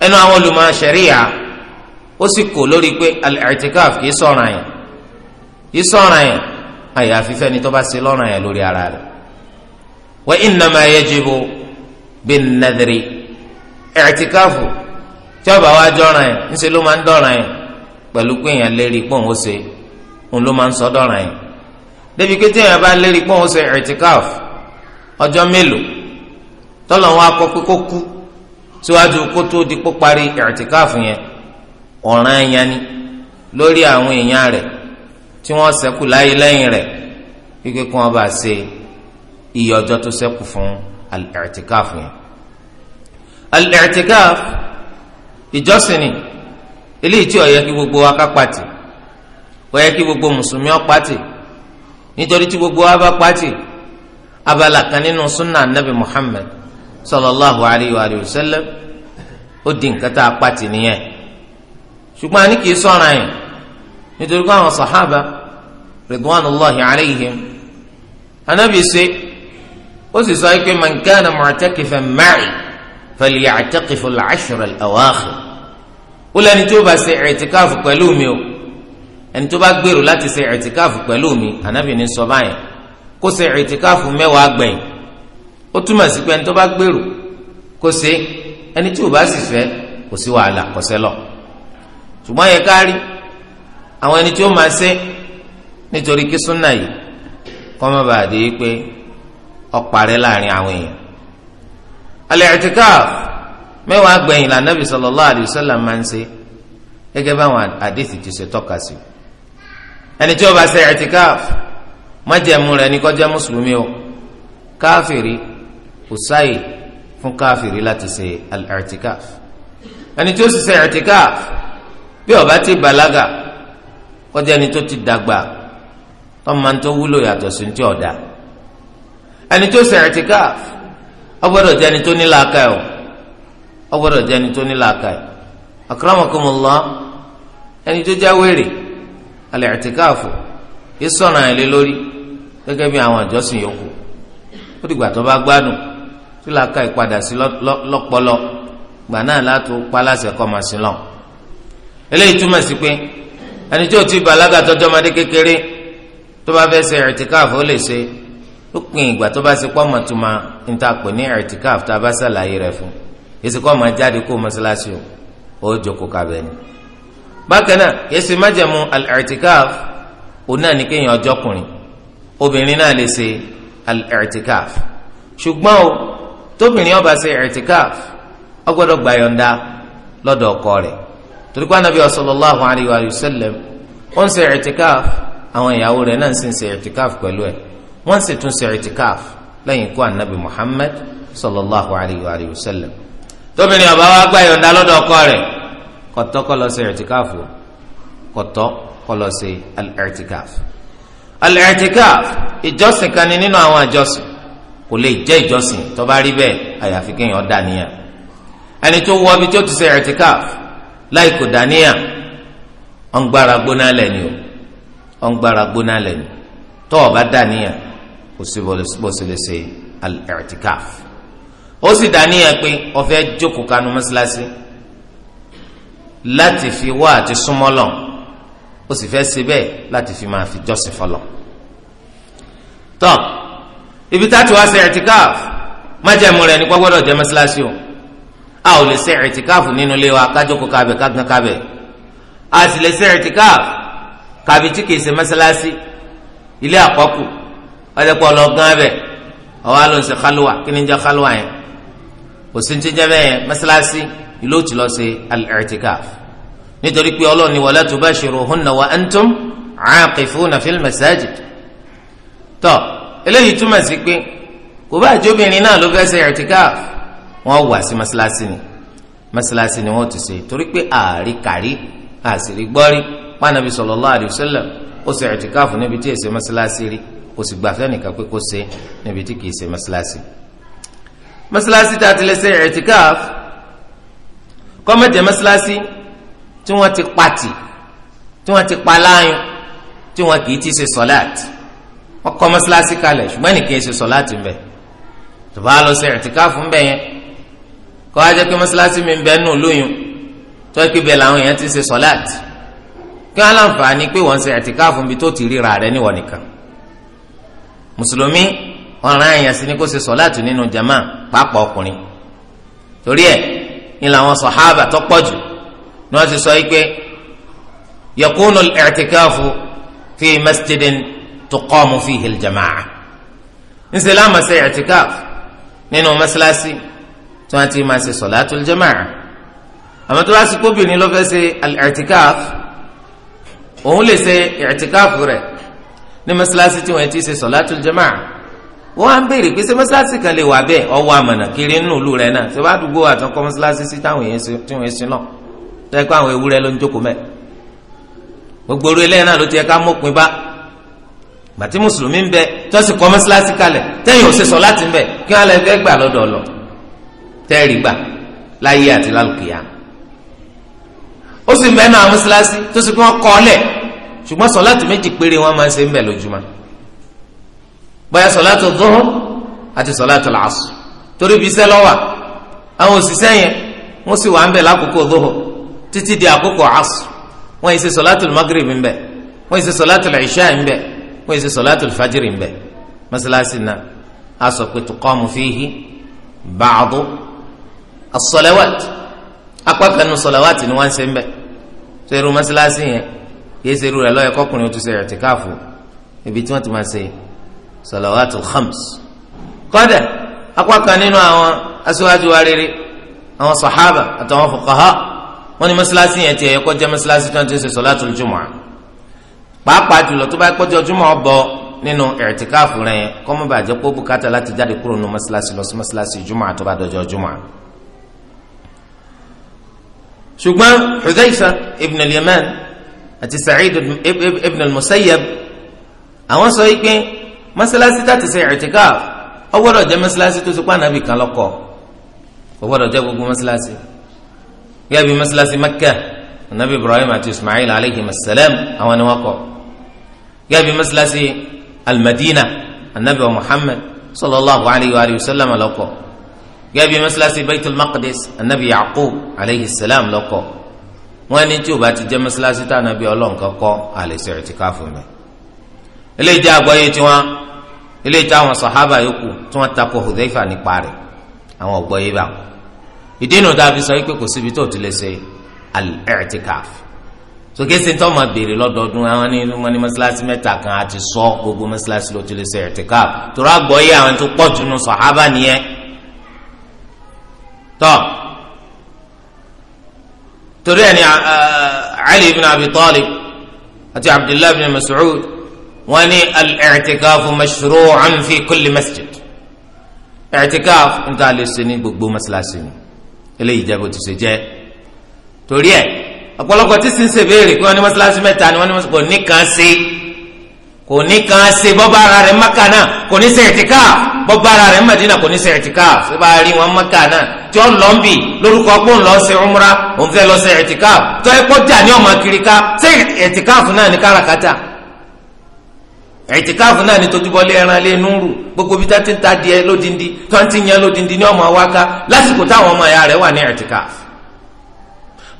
Speaker 1: ẹnu àwọn olùmọ̀ sharia. ó sì kò lórí pé al-i'tikaf kì í sọ̀ràn yẹn kì í sọ̀ràn yẹn àyàfi fẹ́ni tó bá lórí ara rẹ̀ wa innama yajibu bin-nadri bụ tí ọba wa jọ̀ràn yẹn nse ló máa ń dọ̀ràn yẹn pẹ̀lú pé èèyàn lérí pọ̀ ń òun sọ débi bá lérí pọ̀ ń ọjọ́ mélòó tọ́lọ́ wọn akọ pé kó kú síwájú ọ̀ràn ẹ̀yàn ni lórí àwọn èèyàn rẹ̀ tí wọ́n ṣẹ́kù láyé lẹ́yìn rẹ̀ kíkẹ́ kí wọ́n bá ṣe iye ọjọ́ tó ṣẹ́kù fún al-i'tikaf yẹn. al-i'tikaf ìjọsìn ni eléyìí tí ó yẹ kí gbogbo wa ká pàtì ó yẹ kí gbogbo mùsùlùmí ó pàtì nítorí tí gbogbo wa bá pàtì abala kan nínú sunna anabi muhammad sallallahu alayhi wa sallam ó di nǹkan tá a pàtì nìyẹn ṣùgbọ́n a ní kì í sọ̀ràn yìí nítorí pé àwọn sàhábà ridwanullahi alayhim anábì ṣe ó sì sọ pé man kana mu'takifan ma'i falya'takif al-ashr al-awakhir ó lẹ́ni tó bá ṣe ẹ̀tìkáàfù pẹ̀lú mi o ẹni tó bá gbèrò láti ṣe ẹ̀tìkáàfù pẹ̀lú mi anábì ní sọ báyìí kó ṣe ẹ̀tìkáàfù mẹ́wàá gbẹ̀yìn ó túmọ̀ sí pé ẹni tó bá gbèrò kó ṣe ẹni tí bá sì fẹ́ kò sí wàhálà kọ́sẹ́ lọ́ọ̀ ṣùgbọ́n yẹ kárí àwọn ẹni tí ó máa ṣe nítorí kí súnà yìí kọ́ má bàa dé pé ọ̀parẹ́ láàrin àwọn èèyàn. al-i'tikaf mẹ́wàá gbẹ̀yìn la Nabi sallallahu alayhi wa sallam máa ń ṣe gẹ́gẹ́ báwọn àdéhìí ti ṣe tọ́ka sí. ẹni tí ó bá ṣe i'tikaf májẹ̀mú rẹ̀ ní kó mùsùlùmí o káfìrí kò sáyè fún káfìrí láti ṣe al ẹni tí ó sì ṣe i'tikaf bí ó bá ti bàlágà kọjá ẹni tó ti dàgbà tọ́mọ tó wúlò yàtọ̀ sí ti ọ̀dà ẹni tó ṣe i'tikaf ó gbọ́dọ̀ jẹ́ ẹni tó ní làákàyè o ó gbọ́dọ̀ jẹ́ ẹni tó ní làákàyè akramakumullah ẹni tó já wèrè al-i'tikaf yìí sọ̀rọ̀ ẹ̀ lé lórí gẹ́gẹ́ bí àwọn àjọsìn yòókù ó dìgbà tó bá gbádùn tó làákàyè padà sí lọ́pọlọ gbà náà látò pa láṣẹ kọ́ màsílọ́ọ̀ eléyìí túmọ̀ sí pé ẹni tí o ti bàlágà tọjọ́ ọmọdé kékeré tó bá fẹ́ ṣe ẹ̀rìtìkáàf ó lè ṣe ó pin ìgbà tó bá ṣe pọ́ mọ̀túnmá ní ta pè ní ẹ̀rìtìkáàf tá a bá ṣàlàyé rẹ̀ fún èsì kọ́ máa jáde kó mọ́ṣáláṣí o ó jókòó kábẹ́ ni. bákan náà èsì májẹ̀mú ẹ̀rìtìkáàf òun náà ní kéèyàn ọjọ́kùnrin obìnrin náà lè ṣe ẹ̀rìtìkáàf ṣùgbọ́n o tóbìnrin ó ṣe ẹ̀rìtìkáàf ó gbàyọ̀ǹda lọ́dọ̀ ọkọ rẹ̀ torí pé anabi sallallahu alayhi wa sallam ó ń ṣe ẹ̀tìkáf àwọn ìyàwó rẹ̀ náà sì ń ṣe ẹ̀tìkáf pẹ̀lú ẹ̀ wọ́n sì tún ṣe ẹ̀tìkáf lẹ́yìn ikú anabi muhammad sallallahu alayhi wa sallam tóbìnrin ọba wa gbà yọ̀ǹda lọ́dọ̀ ọkọ rẹ̀ kọ̀tọ́ kọ́ lọ ṣe ẹ̀tìkáf kọ̀tọ́ kọ́ lọ ṣe ẹ̀tìkáf al ìjọsìn kan ni nínú àwọn àjọsìn kò lè jẹ́ ìjọsìn tó bá rí bẹ́ẹ̀ àyàfi kéèyàn dá níyà ẹni tó wọ ibi tó ti ṣe i'tikaf láì kò dàníyà ọ̀ngbára gbóná lẹ́ni o ọ̀ngbára gbóná lẹ́ni tó o bá dàníyà kò sí bọ́sẹ̀lẹ̀ ṣe al-i'tikaf ó sì dàníyà pé o fẹ́ jókòó kanu mọ́sálásí láti fi wá àti súnmọ́ lọ ó sì fẹ́ ṣe bẹ́ẹ̀ láti fi máa fi jọ́sìn fọlọ́ tọ́ ibi tá a ti wá ṣe i'tikaf májẹ̀mú rẹ̀ ní gbọ́gbọ́dọ̀ jẹ́ mọ́sálásí o a ò lè ṣe ẹ̀tìkáàfù nínú ilé wa kájókòó kábẹ̀ kágan kábẹ̀ a sì lè ṣe ẹ̀tìkáàfù kábi tí kìí ṣe mọ́sálásí ilé àkọ́kù ọjọ́ pọ̀ lọ gán abẹ ọwọ́ àlọ́ ṣe kálúwà kí ni ń jẹ́ kálúwà yẹn kò sí ti jẹ́ bẹ́ẹ̀ yẹn mọ́sálásí ilé òtí lọ ṣe ẹ̀tìkáàfù nítorí pé ọlọ́run ni wala tubashiruhunna wa antum aaqifuna fil masajid tó eléyìí túmọ̀ sí pé kò bá àjọbìnrin náà ló fẹ́ ṣe ẹ̀tìkáàfù wọ́n wà sí mọ́sálásí ni mọ́sálásí ni wọ́n ti ṣe torí pé ààrí kàrí àṣírí gbọ́rí pànàbí sallallahu alaihi wasallam ó ṣe ìtìkáàfù níbi tí èsè mọ́sálásí rí ó sì gbà fẹ́nìkan pé kó ṣe níbi tí kìí ṣe mọ́sálásí. mọ́sálásí tá a ti lè ṣe ìtìkáàfù kọ́mẹ̀tẹ̀ mọ́sálásí tí wọ́n ti pati tí wọ́n ti paláyún tí wọ́n kìí ti ṣe sọ́láàtì wọ́n kọ́ mọ́sálásí kalẹ̀ ṣùgbọ́n nìkan ṣe sọ́láàtì ń tó bá lọ ṣe ìtìkáàfù ń yẹn kọ́ ajẹ́ pé mọ́sálásí mi ń bẹ́ nù lóyún tó ẹ pé bẹ́ẹ̀ làwọn èèyàn ti ṣe sọ́láàtì kí wọ́n láǹfààní pé wọ́n ṣe àtìkáàfù níbi tó ti ríra rẹ̀ níwọ̀n nìkan mùsùlùmí ọ̀ràn èèyàn sí ni kó ṣe sọ́láàtì nínú jama pàápàá ọkùnrin torí ẹ̀ ni làwọn sọ̀háàbà tó pọ̀ jù ni wọ́n ti sọ pé yakunu ẹ̀tìkáàfù fi masjidin tuqamu fihi al-jama'a ńṣe láàmà ṣe ẹ̀tìkáàfù nínú mọ́sálásí tí wọ́n ti máa ṣe sọ̀látul jama'a àmọ́ tó bá sì kóbìnrin ló fẹ́ ṣe al-i'tikaf òun lè ṣe i'tikaf rẹ̀ ní mọ́ṣáláṣí tí wọ́n ti ṣe sọ̀látul jama'a wọ́n á béèrè pé ṣé mọ́ṣáláṣí kan lè wà bẹ́ẹ̀ ọwọ́ àmọ̀nà kiri nínú ìlú rẹ̀ náà ṣé wàá dùgbò àtọkọ mọ́ṣáláṣí sí táwọn èèyàn tí wọ́n ṣe náà tẹ́ pé àwọn ewúrẹ́ ló ń jókòó mẹ́ gbogbo orí ẹlẹ́yìn náà ló ti yẹ ká mọ́pin bá gbàtí mùsùlùmí ń bẹ tọ́sí kọ́ mọ́ṣáláṣí kalẹ̀ tẹ́yìn ò ṣe sọ láti ń bẹ kí wọ́n á lẹ́ gbà lọ́dọ̀ ọ̀lọ́ tẹ́ẹ̀rì gbà láyé àti lálùkìyà ó sì ń bẹ́ẹ̀ náà mọ́sálásí tó sì kí wọ́n kọ́ ọ́lẹ̀ ṣùgbọ́n sọ̀láàtì méjì péré wọ́n máa ń ṣe ń bẹ̀ lójúmọ́ bóyá sọ̀láàtì dúhùn àti sọ̀láàtì làásù torí ibi iṣẹ́ lọ́wà àwọn òṣìṣẹ́ yẹn wọ́n sì wà ń bẹ̀ lákòókò dúhùn títí di àkókò àásù wọ́n yìí ṣe sọ̀láàtì magrib ń bẹ̀ wọ́n yìí ṣe sọ̀láàtì ìṣá ń bẹ̀ wọ́n yìí ṣe sọ̀láàtì asọlẹwàt apákanu sọlẹwàt ni wọn ń ṣe ń bẹ ṣerú mọ́sálásí yẹn kì í ṣerú rẹ lọ́yẹ kọkùnrin tó ṣe ẹ̀tìkáàfù ibi tí wọ́n ti máa ṣe sọlẹwàtul khams kọ́dà apákan nínú àwọn aṣíwájú wa rere àwọn sàhábà àtàwọn fuqaha wọn ni mọ́sálásí yẹn ti ẹ̀yẹ kọ́ jẹ́ mọ́sálásí tí wọ́n ti ń ṣe sọlẹtul jumu'a pàápàá jùlọ tó bá pọ́jọ́ jumu'a bọ̀ nínú ẹ̀tìkáàfù rẹ̀ yẹn kọ́mọ́bàjẹ́ kó bùkátà láti jáde kúrò nínú mọ́sálásí lọ sí mọ́sálásí jumu'a tó bá ṣùgbọ́n Hudhayfa ibn al-Yaman àti Sa'id ibn al-Musayyab àwọn sọ yìí pé mọ́sálásí láti ṣe ìtìkáf ó gbọ́dọ̀ jẹ́ mọ́sálásí tó ti pa ànábì kan lọ́kọ̀ ó gbọ́dọ̀ jẹ́ gbogbo mọ́sálásí gẹ́gẹ́ bí mọ́sálásí Mẹ́kà ànábì Ibrahim àti Ismail alayhi masalam àwọn ni wọ́n kọ́ gẹ́gẹ́ bí mọ́sálásí al-Madina ànábì Muhammad sallallahu alayhi wa sallam lọ́kọ̀ọ́ gẹ́gẹ́ bí mọ́sálásí baitul maqdis anabi yaqub aleyhi salam lọ́kọ̀ wọ́n ní tí o bá ti jẹ́ mọ́sálásí tá anabi ọlọ́nkan kọ́ àlèsè ìtìkáfù mi.
Speaker 2: ilé ìjà àgbáyé
Speaker 1: tiwọn ilé ìjà àwọn sàhábà yòókù tí wọ́n takò hudhaifa nípa rẹ̀ àwọn ọ̀gbọ́yé bá wọn. ìdí inú dáa fi sọ pé kò síbi tó ti lè ṣe al-i'tikaf sókè sí tó máa béèrè lọ́dọọdún àwọn ní wọ́n ní mọ́sálásí mẹ́ta kan àti sọ gbogbo mọ́sálásí ló ti lè ṣe i'tikaf tó rà gbọ́yé àwọn tó pọ̀ jù nù sàhábà nìyẹn tọ torí ẹni ali ibn abi talib àti abdullahi ibn mas'ud wọ́n ní al-i'tikaf mashru'an fi kulli masjid i'tikaf nta lè ṣe ní gbogbo masalasi ni eléyìí jẹ́ bó ti ṣe jẹ́ torí ẹ ọ̀pọ̀lọpọ̀ tí sin ṣe béèrè pé wọ́n ní masalasi mẹ́ta ni wọ́n ní masalasi kò ní kan sí. kò ní kan ṣe bọ́bá ara rẹ̀ maka náà kò ní ṣe ẹ̀tíkà bọ́bá ara rẹ̀ madina kò ní ṣe ẹ̀tíkà ṣé bá rí wọn maka náà tí ó lọ ń bì lórúkọ pé òun lọ ṣe umra òun fẹ́ lọ ṣe ẹ̀tíkà tó ẹ kọjá ní ọmọ kiri ká ẹ̀tíkà fún náà ní kárakáta ẹ̀tíkà fún náà ní ẹran lé núrù gbogbo bí ń ta díẹ̀ lódindi tó ń lódindi ní ọmọ lásìkò táwọn ọmọ rẹ̀ wà ní ẹ̀tíkà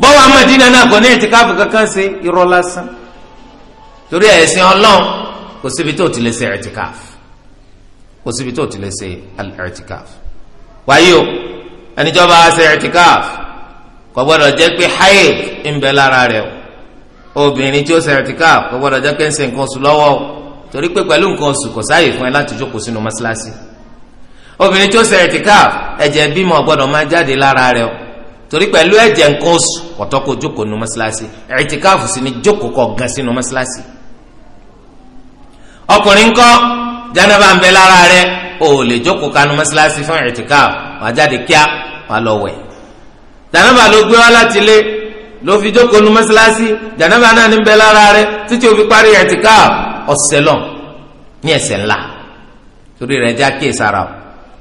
Speaker 1: bọ́wọ́ amadina náà kò ní ẹ̀tíkà fún kankan ṣe irọ́ lásán torí ẹ̀sìn ọlọ́run kò síbi tó ti lè ṣe ẹ̀tìkáf kò síbi tó ti lè ṣe ẹ̀tìkáf wáyé o ẹnìjọba ṣe ẹ̀tìkáf kò gbọdọ̀ jẹ́ pé haid ń bẹ lára rẹ̀ o obìnrin tí ó ṣe ẹ̀tìkáf kò gbọdọ̀ jẹ́ pé ń ṣe nǹkan oṣù lọ́wọ́ o torí pé pẹ̀lú nǹkan oṣù kò sáàyè fún ẹ láti jókòó sínú mọ́ṣáláṣí obìnrin tí ó ṣe ẹ̀tìkáf ẹ̀jẹ̀ bímọ gbọdọ̀ máa jáde lára rẹ̀ o torí pẹ̀lú ẹ̀jẹ̀ nǹkan oṣù kò tọ́ jókòó sínú mọ́ṣáláṣí ẹ̀tìkáf sì ni jókòó kó gan sínú mọ́ṣáláṣí ọkùnrin ńkọ́ jẹnẹba ń bẹ lára rẹ̀ o lè jókòó kanu mọ́sálásí fún ìtìká wàá jáde kíá wàá lọ wẹ̀ jẹnẹba ló gbé wá láti lé ló fi jókòó nu mọ́sálásí jẹnẹba náà ń bẹ lára rẹ̀ títí o fi parí ìtìká ọ̀sẹ̀ lọ ní ẹ̀ṣẹ̀ ńlá torí rẹ̀ já kíyèsí ara o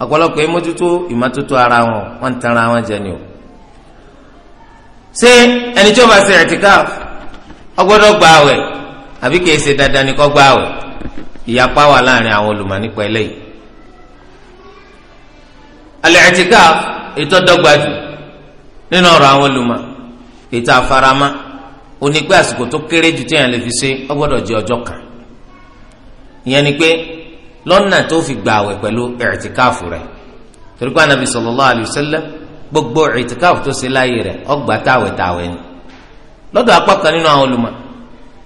Speaker 1: ọ̀pọ̀lọpọ̀ ìmọ́tótó ìmọ́tótó ara wọn wọ́n tanra wọn jẹ ni o ṣé ẹni tí ó bá ṣe ìtìká ó gbọ́dọ̀ gba àbí kìí ṣe dandan ni kó gbà o ìyapa wà láàrin àwọn olùmọ̀ nípa eléyìí. al-i'tikaf ètò dọ́gbàjù nínú ọ̀rọ̀ àwọn olùmọ̀ ètò àfaramá onígbé àsìkò tó kéré jù téèyàn lè fi ṣe ó gbọ́dọ̀ jẹ́ ọjọ́ kan ìyẹn ni pé lọ́nà tó fi gbà àwẹ̀ pẹ̀lú i'tikaf rẹ̀ torí pé anabi sallallahu alayhi wa gbogbo i'tikaf tó ṣe láyé rẹ̀ ó táwẹ̀ táwẹ̀ ni lọ́dọ̀ apá kan nínú àwọn olùmọ̀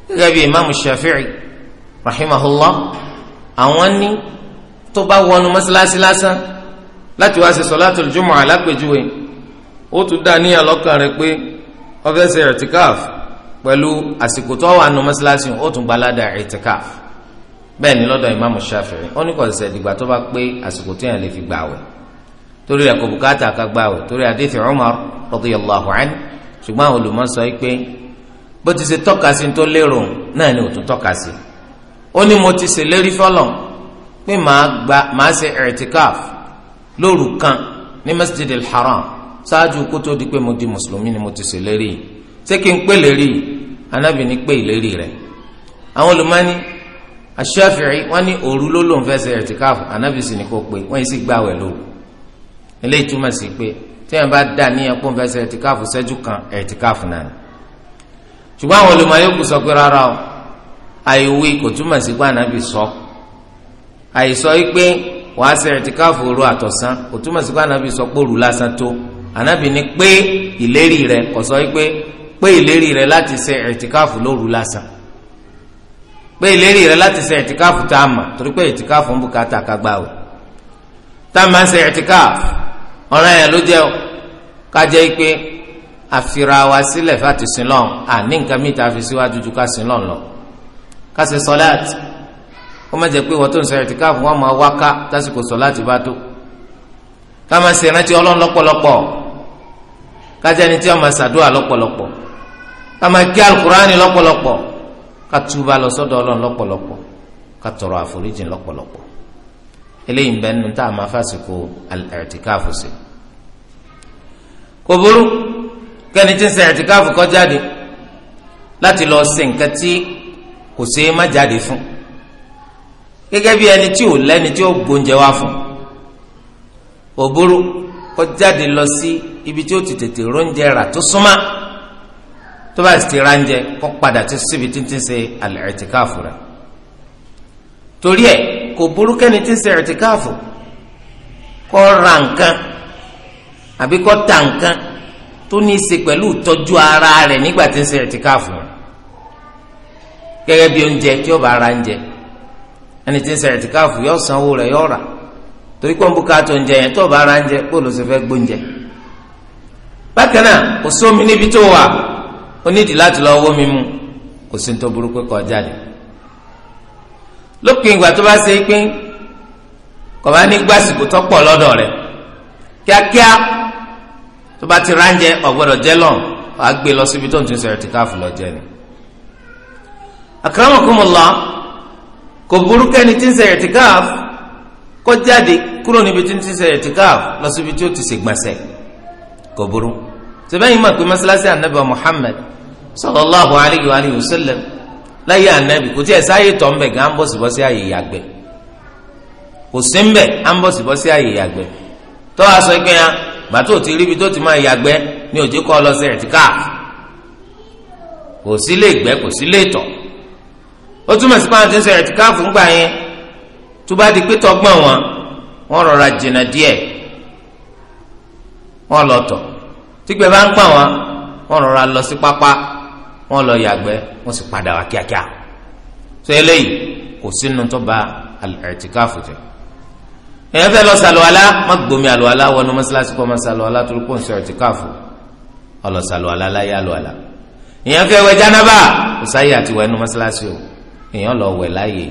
Speaker 1: gẹ́gẹ́ bí imaamu shafi'i rahimahullah àwọn ní tó bá wọnú mọ́sálásí lásán láti wá ṣe solatul jumu'a alápèjúwe ó tún dá níyà lọ́kàn rẹ̀ pé ó fẹ́ ṣe ẹ̀tìkáf pẹ̀lú àsìkò tó wà nù mọ́sálásí ó tún gbalada ẹ̀tìkáf bẹ́ẹ̀ ni lọ́dọ̀ imaamu shafi'i ó ní kò ṣẹ̀ṣẹ̀ dìgbà tó bá pé àsìkò tó yàn lè fi gbààwẹ̀ torí rẹ̀ kò bùkátà torí hadith Umar radiyallahu ṣùgbọ́n olùmọ̀ sọ pé bó ti ṣe tọ́ka sí tó lérò náà ni òtún tọ́ka sí ó ní mo ti ṣèlérí fọlọ pé màá gba màá ṣe ẹ̀rẹ̀tìkáf lóru kan ní masjid al-haram ṣáájú kó di pé mo di mùsùlùmí ni mo ti ṣèlérí yìí ṣé kí n pè lérí yìí anábì ní pé ìlérí rẹ̀ àwọn olùmọ́ni aṣáfìrí wọn ní òru ló lóun fẹ́ ṣe ẹ̀rẹ̀tìkáf anábì sì ní kó pé wọ́n yìí sì gbàwẹ̀ lóru eléyìí túmọ̀ sí pé tí wọ́n bá dà ní ẹ̀kọ́ fẹ́ ṣe ẹ̀rẹ̀tìkáf ṣẹ́jú kan ẹ̀rẹ̀tìkáf náà ni ṣùgbọ́n àwọn olùmọ̀ọ́yọ́kù sọ pé rárá o àìwí kò túmọ̀ sí pé ànábì sọ àìsọ yìí pé wàá ṣe ẹ̀tìkáàfù òru àtọ̀sán kò túmọ̀ sí pé ànábì sọ pé òru lásán tó ànábì ní pé ìlérí rẹ̀ kò sọ pé pé ìlérí se láti ṣe ẹ̀tìkáàfù lóru lásán pé ìlérí lati láti ṣe ẹ̀tìkáàfù tá a mọ̀ torí pé ka ń bùkátà kagbá o ta ma máa ṣe ẹ̀tìkáàfù ọ̀ràn yẹn ló jẹ́ àfirawa sílẹ̀ fati sinlọ́n àní nǹkan mi ta fi síwájú ju ká sinlọ́n lọ. ká ṣe sọláàtì ó má jẹ́ pé wọ́n tó ń sọ̀rọ̀ ìtìká fún wọn máa wá ká lásìkò sọláàtì bá tó. ká máa ṣe ìrántí ọlọ́run lọ́pọ̀lọpọ̀ ká jẹ́ ẹni tí wọ́n máa ṣàdúrà lọ́pọ̀lọpọ̀ ká máa kí alukurani lọ́pọ̀lọpọ̀ ká túbà lọ sọ́dọ̀ ọlọ́run lọ́pọ̀lọpọ̀ ká tọrọ àforíjì lọ́pọ̀lọpọ̀ kẹ́ni tí ń ṣe ẹ̀tìkáàfù kó jáde láti lọ ṣe nǹkan tí kò ṣe é má jáde fún gẹ́gẹ́ bí ẹni tí ò lẹ́ni tí ó gbóúnjẹ wá fún òbúrú kó jáde lọ sí ibi tí ó ti tètè róúnjẹ rà tó súnmọ́ tó bá ti ráńjẹ kó padà tó síbi tí ń ti ṣe àlẹ́ ẹ̀tìkáàfù rẹ̀ torí ẹ̀ kò burú kẹ́ni tí ń ṣe ẹ̀tìkáàfù kó ra nǹkan àbí kó ta nǹkan tó ní í ṣe pẹ̀lú ìtọ́jú ara rẹ̀ nígbà tí ń ṣe ẹ̀tíkáàfù gẹ́gẹ́ bí oúnjẹ tí yóò bá ra oúnjẹ ẹni tí ń ṣe ẹ̀tíkáàfù yóò sanwó rẹ̀ yóò rà torí pé ń bu káàtó oúnjẹ yẹn tó bá ra oúnjẹ pé ló ṣe fẹ́ gbóúnjẹ. bákan náà kò sómi níbi tó wà ó nídìí láti lọ wó mi mu kò sí ní tó burú pé kó jáde lópin ìgbà tó bá ṣe é pé bá ní gbàsìkò tó lọ́dọ̀ rẹ̀ kíákíá tó bá ti ránjẹ ọ̀gbọ́dọ̀ jẹ́ lọ́n wàá gbé lọ síbi tó ń tún sẹ̀rẹ̀ tí káàfù lọ jẹ ni. akramakumullah kò burú kẹ́ni tí ń sẹ̀rẹ̀ tí káàfù kó jáde ti lọ síbi tí ó ti ṣègbọ̀nsẹ̀ kò burú. sẹ́bẹ̀yìn mọ̀ pé mọ́sálásí ànábì Muhammad sallallahu wa alihi wa sallam láyé ànábì kò tí ẹ̀ sáyé tọ́ gan gbàtó ti ríbi tó ti máa yàgbẹ́ ní òjò kọ́ lọ sí ẹ̀tíkáàfù kò sí lè gbẹ́ kò sí lè tọ̀ ó túmọ̀ sí pàǹtí ń sọ ẹ̀tíkáàfù ńgbà yẹn tó bá di pé tọgbọ́n wọn wọn rọra jìnnà díẹ̀ wọn lọ tọ̀ tígbẹ́ bá ń gbà wọn wọn rọra lọ sí pápá wọn lọ yàgbẹ́ wọn sì padà wá kíákíá tó eléyìí kò sínú tó ba ẹ̀tíkáàfù jẹ́ èèyàn fẹ́ lọ sàlùwàlá má gbomi àlùwàlá wọnú mọ́sálásí kọ́ máa sàlùwàlá torí kò ń sọ ẹ̀tì káàfù ọlọ sàlùwàlá láyé àlùwàlá èèyàn fẹ́ wẹ̀ jánábà kò sáyé àti wẹ̀ nú mọ́sálásí o èèyàn lọ wẹ̀ láyé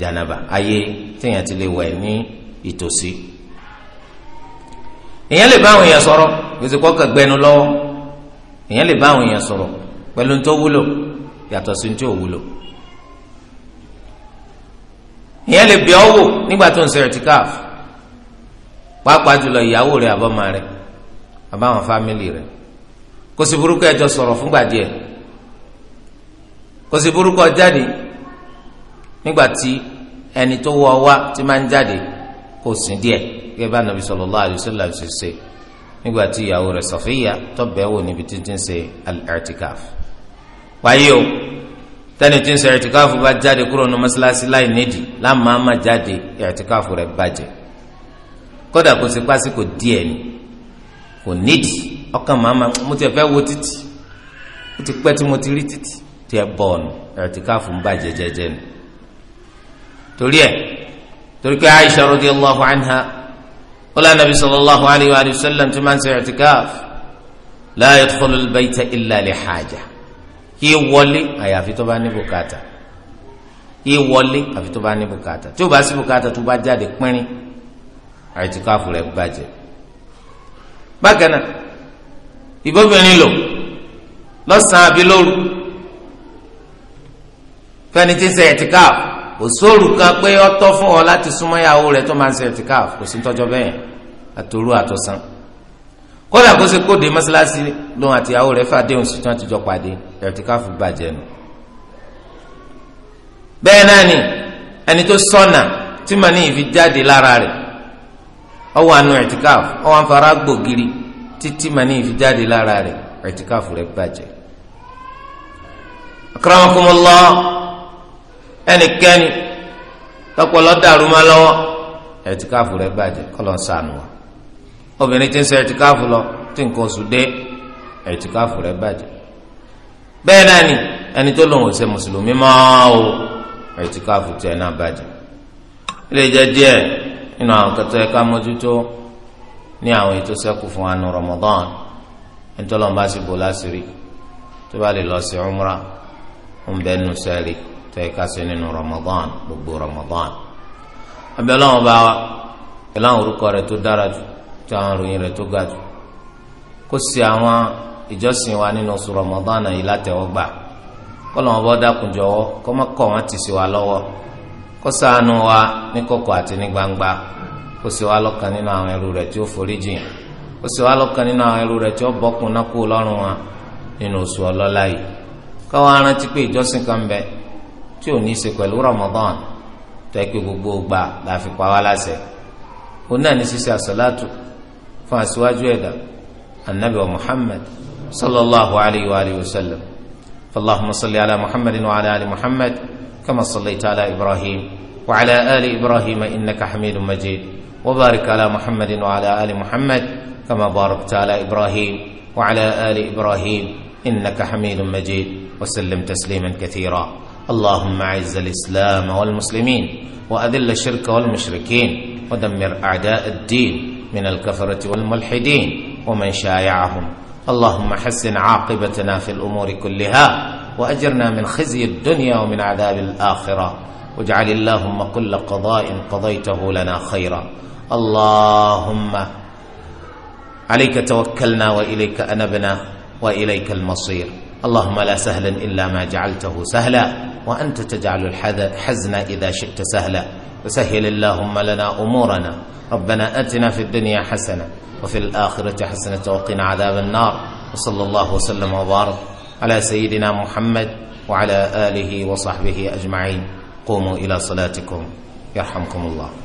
Speaker 1: jánábà ayé téèyàn ti lè wẹ̀ ní ìtòsí
Speaker 2: èèyàn lè bá àwọn èèyàn sọ̀rọ̀ gbèsè kọ́kọ́ gbẹnu lọ́wọ́
Speaker 1: èèyàn lè bá àwọn èèyàn sọ̀rọ̀ pẹ̀lú ntó wúlò yàtọ̀ sí ntó wúlò
Speaker 2: ìyẹn lè bẹ̀ ọ́ wò
Speaker 1: nígbà tó ń ṣe ẹ̀tíkáf pàápàá jùlọ ìyàwó rẹ̀ àbọ̀mọ rẹ̀ àbáwọn fámìlì rẹ̀ kò sí burúkú ẹjọ sọ̀rọ̀ fúngbà díẹ̀ kò sí burúkú ọjáde nígbà tí ẹni tó wọ wá tí máa ń jáde kò sí díẹ̀ gẹ́gẹ́ bá nàbí sallallahu alaihi wasallam ṣe ṣe nígbà tí ìyàwó rẹ̀ Sọfíyà tó wò níbi títí ń ṣe ẹ̀tíkáf wáyé o tẹ́ni tí ń ṣe ẹ̀tìkáfù bá jáde kúrò ní mọ́ṣáláṣí láì nídìí lámàámà jáde ẹ̀tìkáfù rẹ̀ bàjẹ́ kódà kò sí pásíkò díẹ̀ ni kò nídìí ọkàn màmá mo ti fẹ́ wo títì ó ti pẹ́ tí mo ti rí títì tí ẹ bọ̀ ọ̀nù ẹ̀tìkáfù ń bàjẹ́ jẹ́jẹ́ ni torí ẹ̀ torí pé Aisha radiyallahu anha wala nabi sallallahu alayhi wa sallam ti máa ń ṣe ẹ̀tìkáfù la yadkhulul bayta illa li haja ìwọlé àyàfi tó bá ní bùkátà ìwọlé àfi tó bá ní bùkátà tí ó bá sí bùkátà tó bá jáde pínrín àìtíkáfù rẹ̀ bàjẹ́ bákan náà ìbọ́bìnrin lò lọ́sàn-án àbí lóru fẹ́ni tí ń ṣe ẹ̀tíkáfù òṣòro kan pé ó tọ́ fún ọ láti súnmọ́ ìyàwó rẹ̀ tó máa ń ṣe ẹ̀tíkáfù kò sí tọ́jọ́ bẹ́ẹ̀ àtòrú àtọ̀sán kódà kó se kóde mọ́sálásí lóun àtìyàwó rẹ̀ fàdéhùn sí tí wọ́n ti jọ pàdé ẹ̀rọ̀tìkáfù bàjẹ́ nù. bẹ́ẹ̀ náà ni ẹni tó sọ̀nà tí màá ní ìfi jáde lára rẹ̀ ọwọ́ àánú ẹ̀rọ̀tìkáfù ọwọ́ àǹfààrà gbògiri títí màá ní ìfi jáde lára rẹ̀ ẹ̀rọ̀tìkáfù rẹ̀ bàjẹ́. akramakumullah ẹnikẹ́ni tọpọlọ dàrú má lọ́wọ́ ẹ̀rọ̀tìkáfù rẹ̀ bàjẹ́ kọ́lọ́ obìnrin tí ń ṣe ẹtìkáàfù lọ tí nǹkan oṣù dé ẹtìkáàfù rẹ̀ bàjẹ́ bẹ́ẹ̀ náà ni ẹni tó lòun ò ṣe mùsùlùmí máa o ẹtìkáàfù tiẹ̀ náà bàjẹ́ ilé jẹ díẹ̀ nínú àwọn kẹtọ ẹka mójútó ní àwọn ètò ṣẹ́kù fún anu Ramadan ẹni tó lọ́n bá sì bò láṣìírí tó bá lè lọ sí umra ń bẹ nù sẹ́ẹ̀rì tó ẹka sí nínú Ramadan gbogbo Ramadan abẹ́ ọlọ́run bá wa ìlànà orúkọ rẹ̀ tó dára jù tí àwọn ròyìn rẹ̀ tó ga jù kó sì àwọn ìjọsìn wa nínú oṣù Ramadan yìí látẹ̀wọ́gbà kọ́lọ́mọ bọ́ dákun jọ̀wọ́ kọ́ mọ́ kọ́ wọn ti sí wa lọ́wọ́ kó ṣàánú wa ní kọ̀kọ̀ àti ní gbangba kó sì wa lọ́kàn nínú àwọn ẹrú rẹ̀ tí ó forí jìn kó sì wa lọ́kàn nínú àwọn ẹrú rẹ̀ tí ó bọ́kun náà kú lọ́rùn wa nínú oṣù ọlọ́lá yìí káwọn arántí pé ìjọsìn kan bẹ tí ò ní í ṣe pẹ̀lú Ramadan tó ẹ pé gbogbo gbà láfi pa wá láṣẹ òun náà ní ṣíṣe àṣàlátù fún aṣíwájú ẹ̀dá anabi wa muhammad sallallahu alayhi wa alihi wa sallam fallahumma salli ala muhammadin wa ala ali muhammad kama sallaita ala ibrahim wa ala ali ibrahim innaka hamidun majid wa barik ala muhammadin wa ala ali muhammad kama barakta ala ibrahim wa ala ali ibrahim innaka hamidun majid wa sallim tasliman kathira اللهم اعز الاسلام والمسلمين واذل الشرك والمشركين ودمر اعداء الدين من الكفرة والملحدين ومن شايعهم اللهم حسن عاقبتنا في الأمور كلها وأجرنا من خزي الدنيا ومن عذاب الآخرة واجعل اللهم كل قضاء قضيته لنا خيرا اللهم عليك توكلنا وإليك أنبنا وإليك المصير اللهم لا سهلا إلا ما جعلته سهلا وأنت تجعل الحزن إذا شئت سهلا وسهل اللهم لنا أمورنا ربنا أتنا في الدنيا حسنة وفي الآخرة حسنة وقنا عذاب النار وصلى الله وسلم وبارك على سيدنا محمد وعلى آله وصحبه أجمعين قوموا إلى صلاتكم يرحمكم الله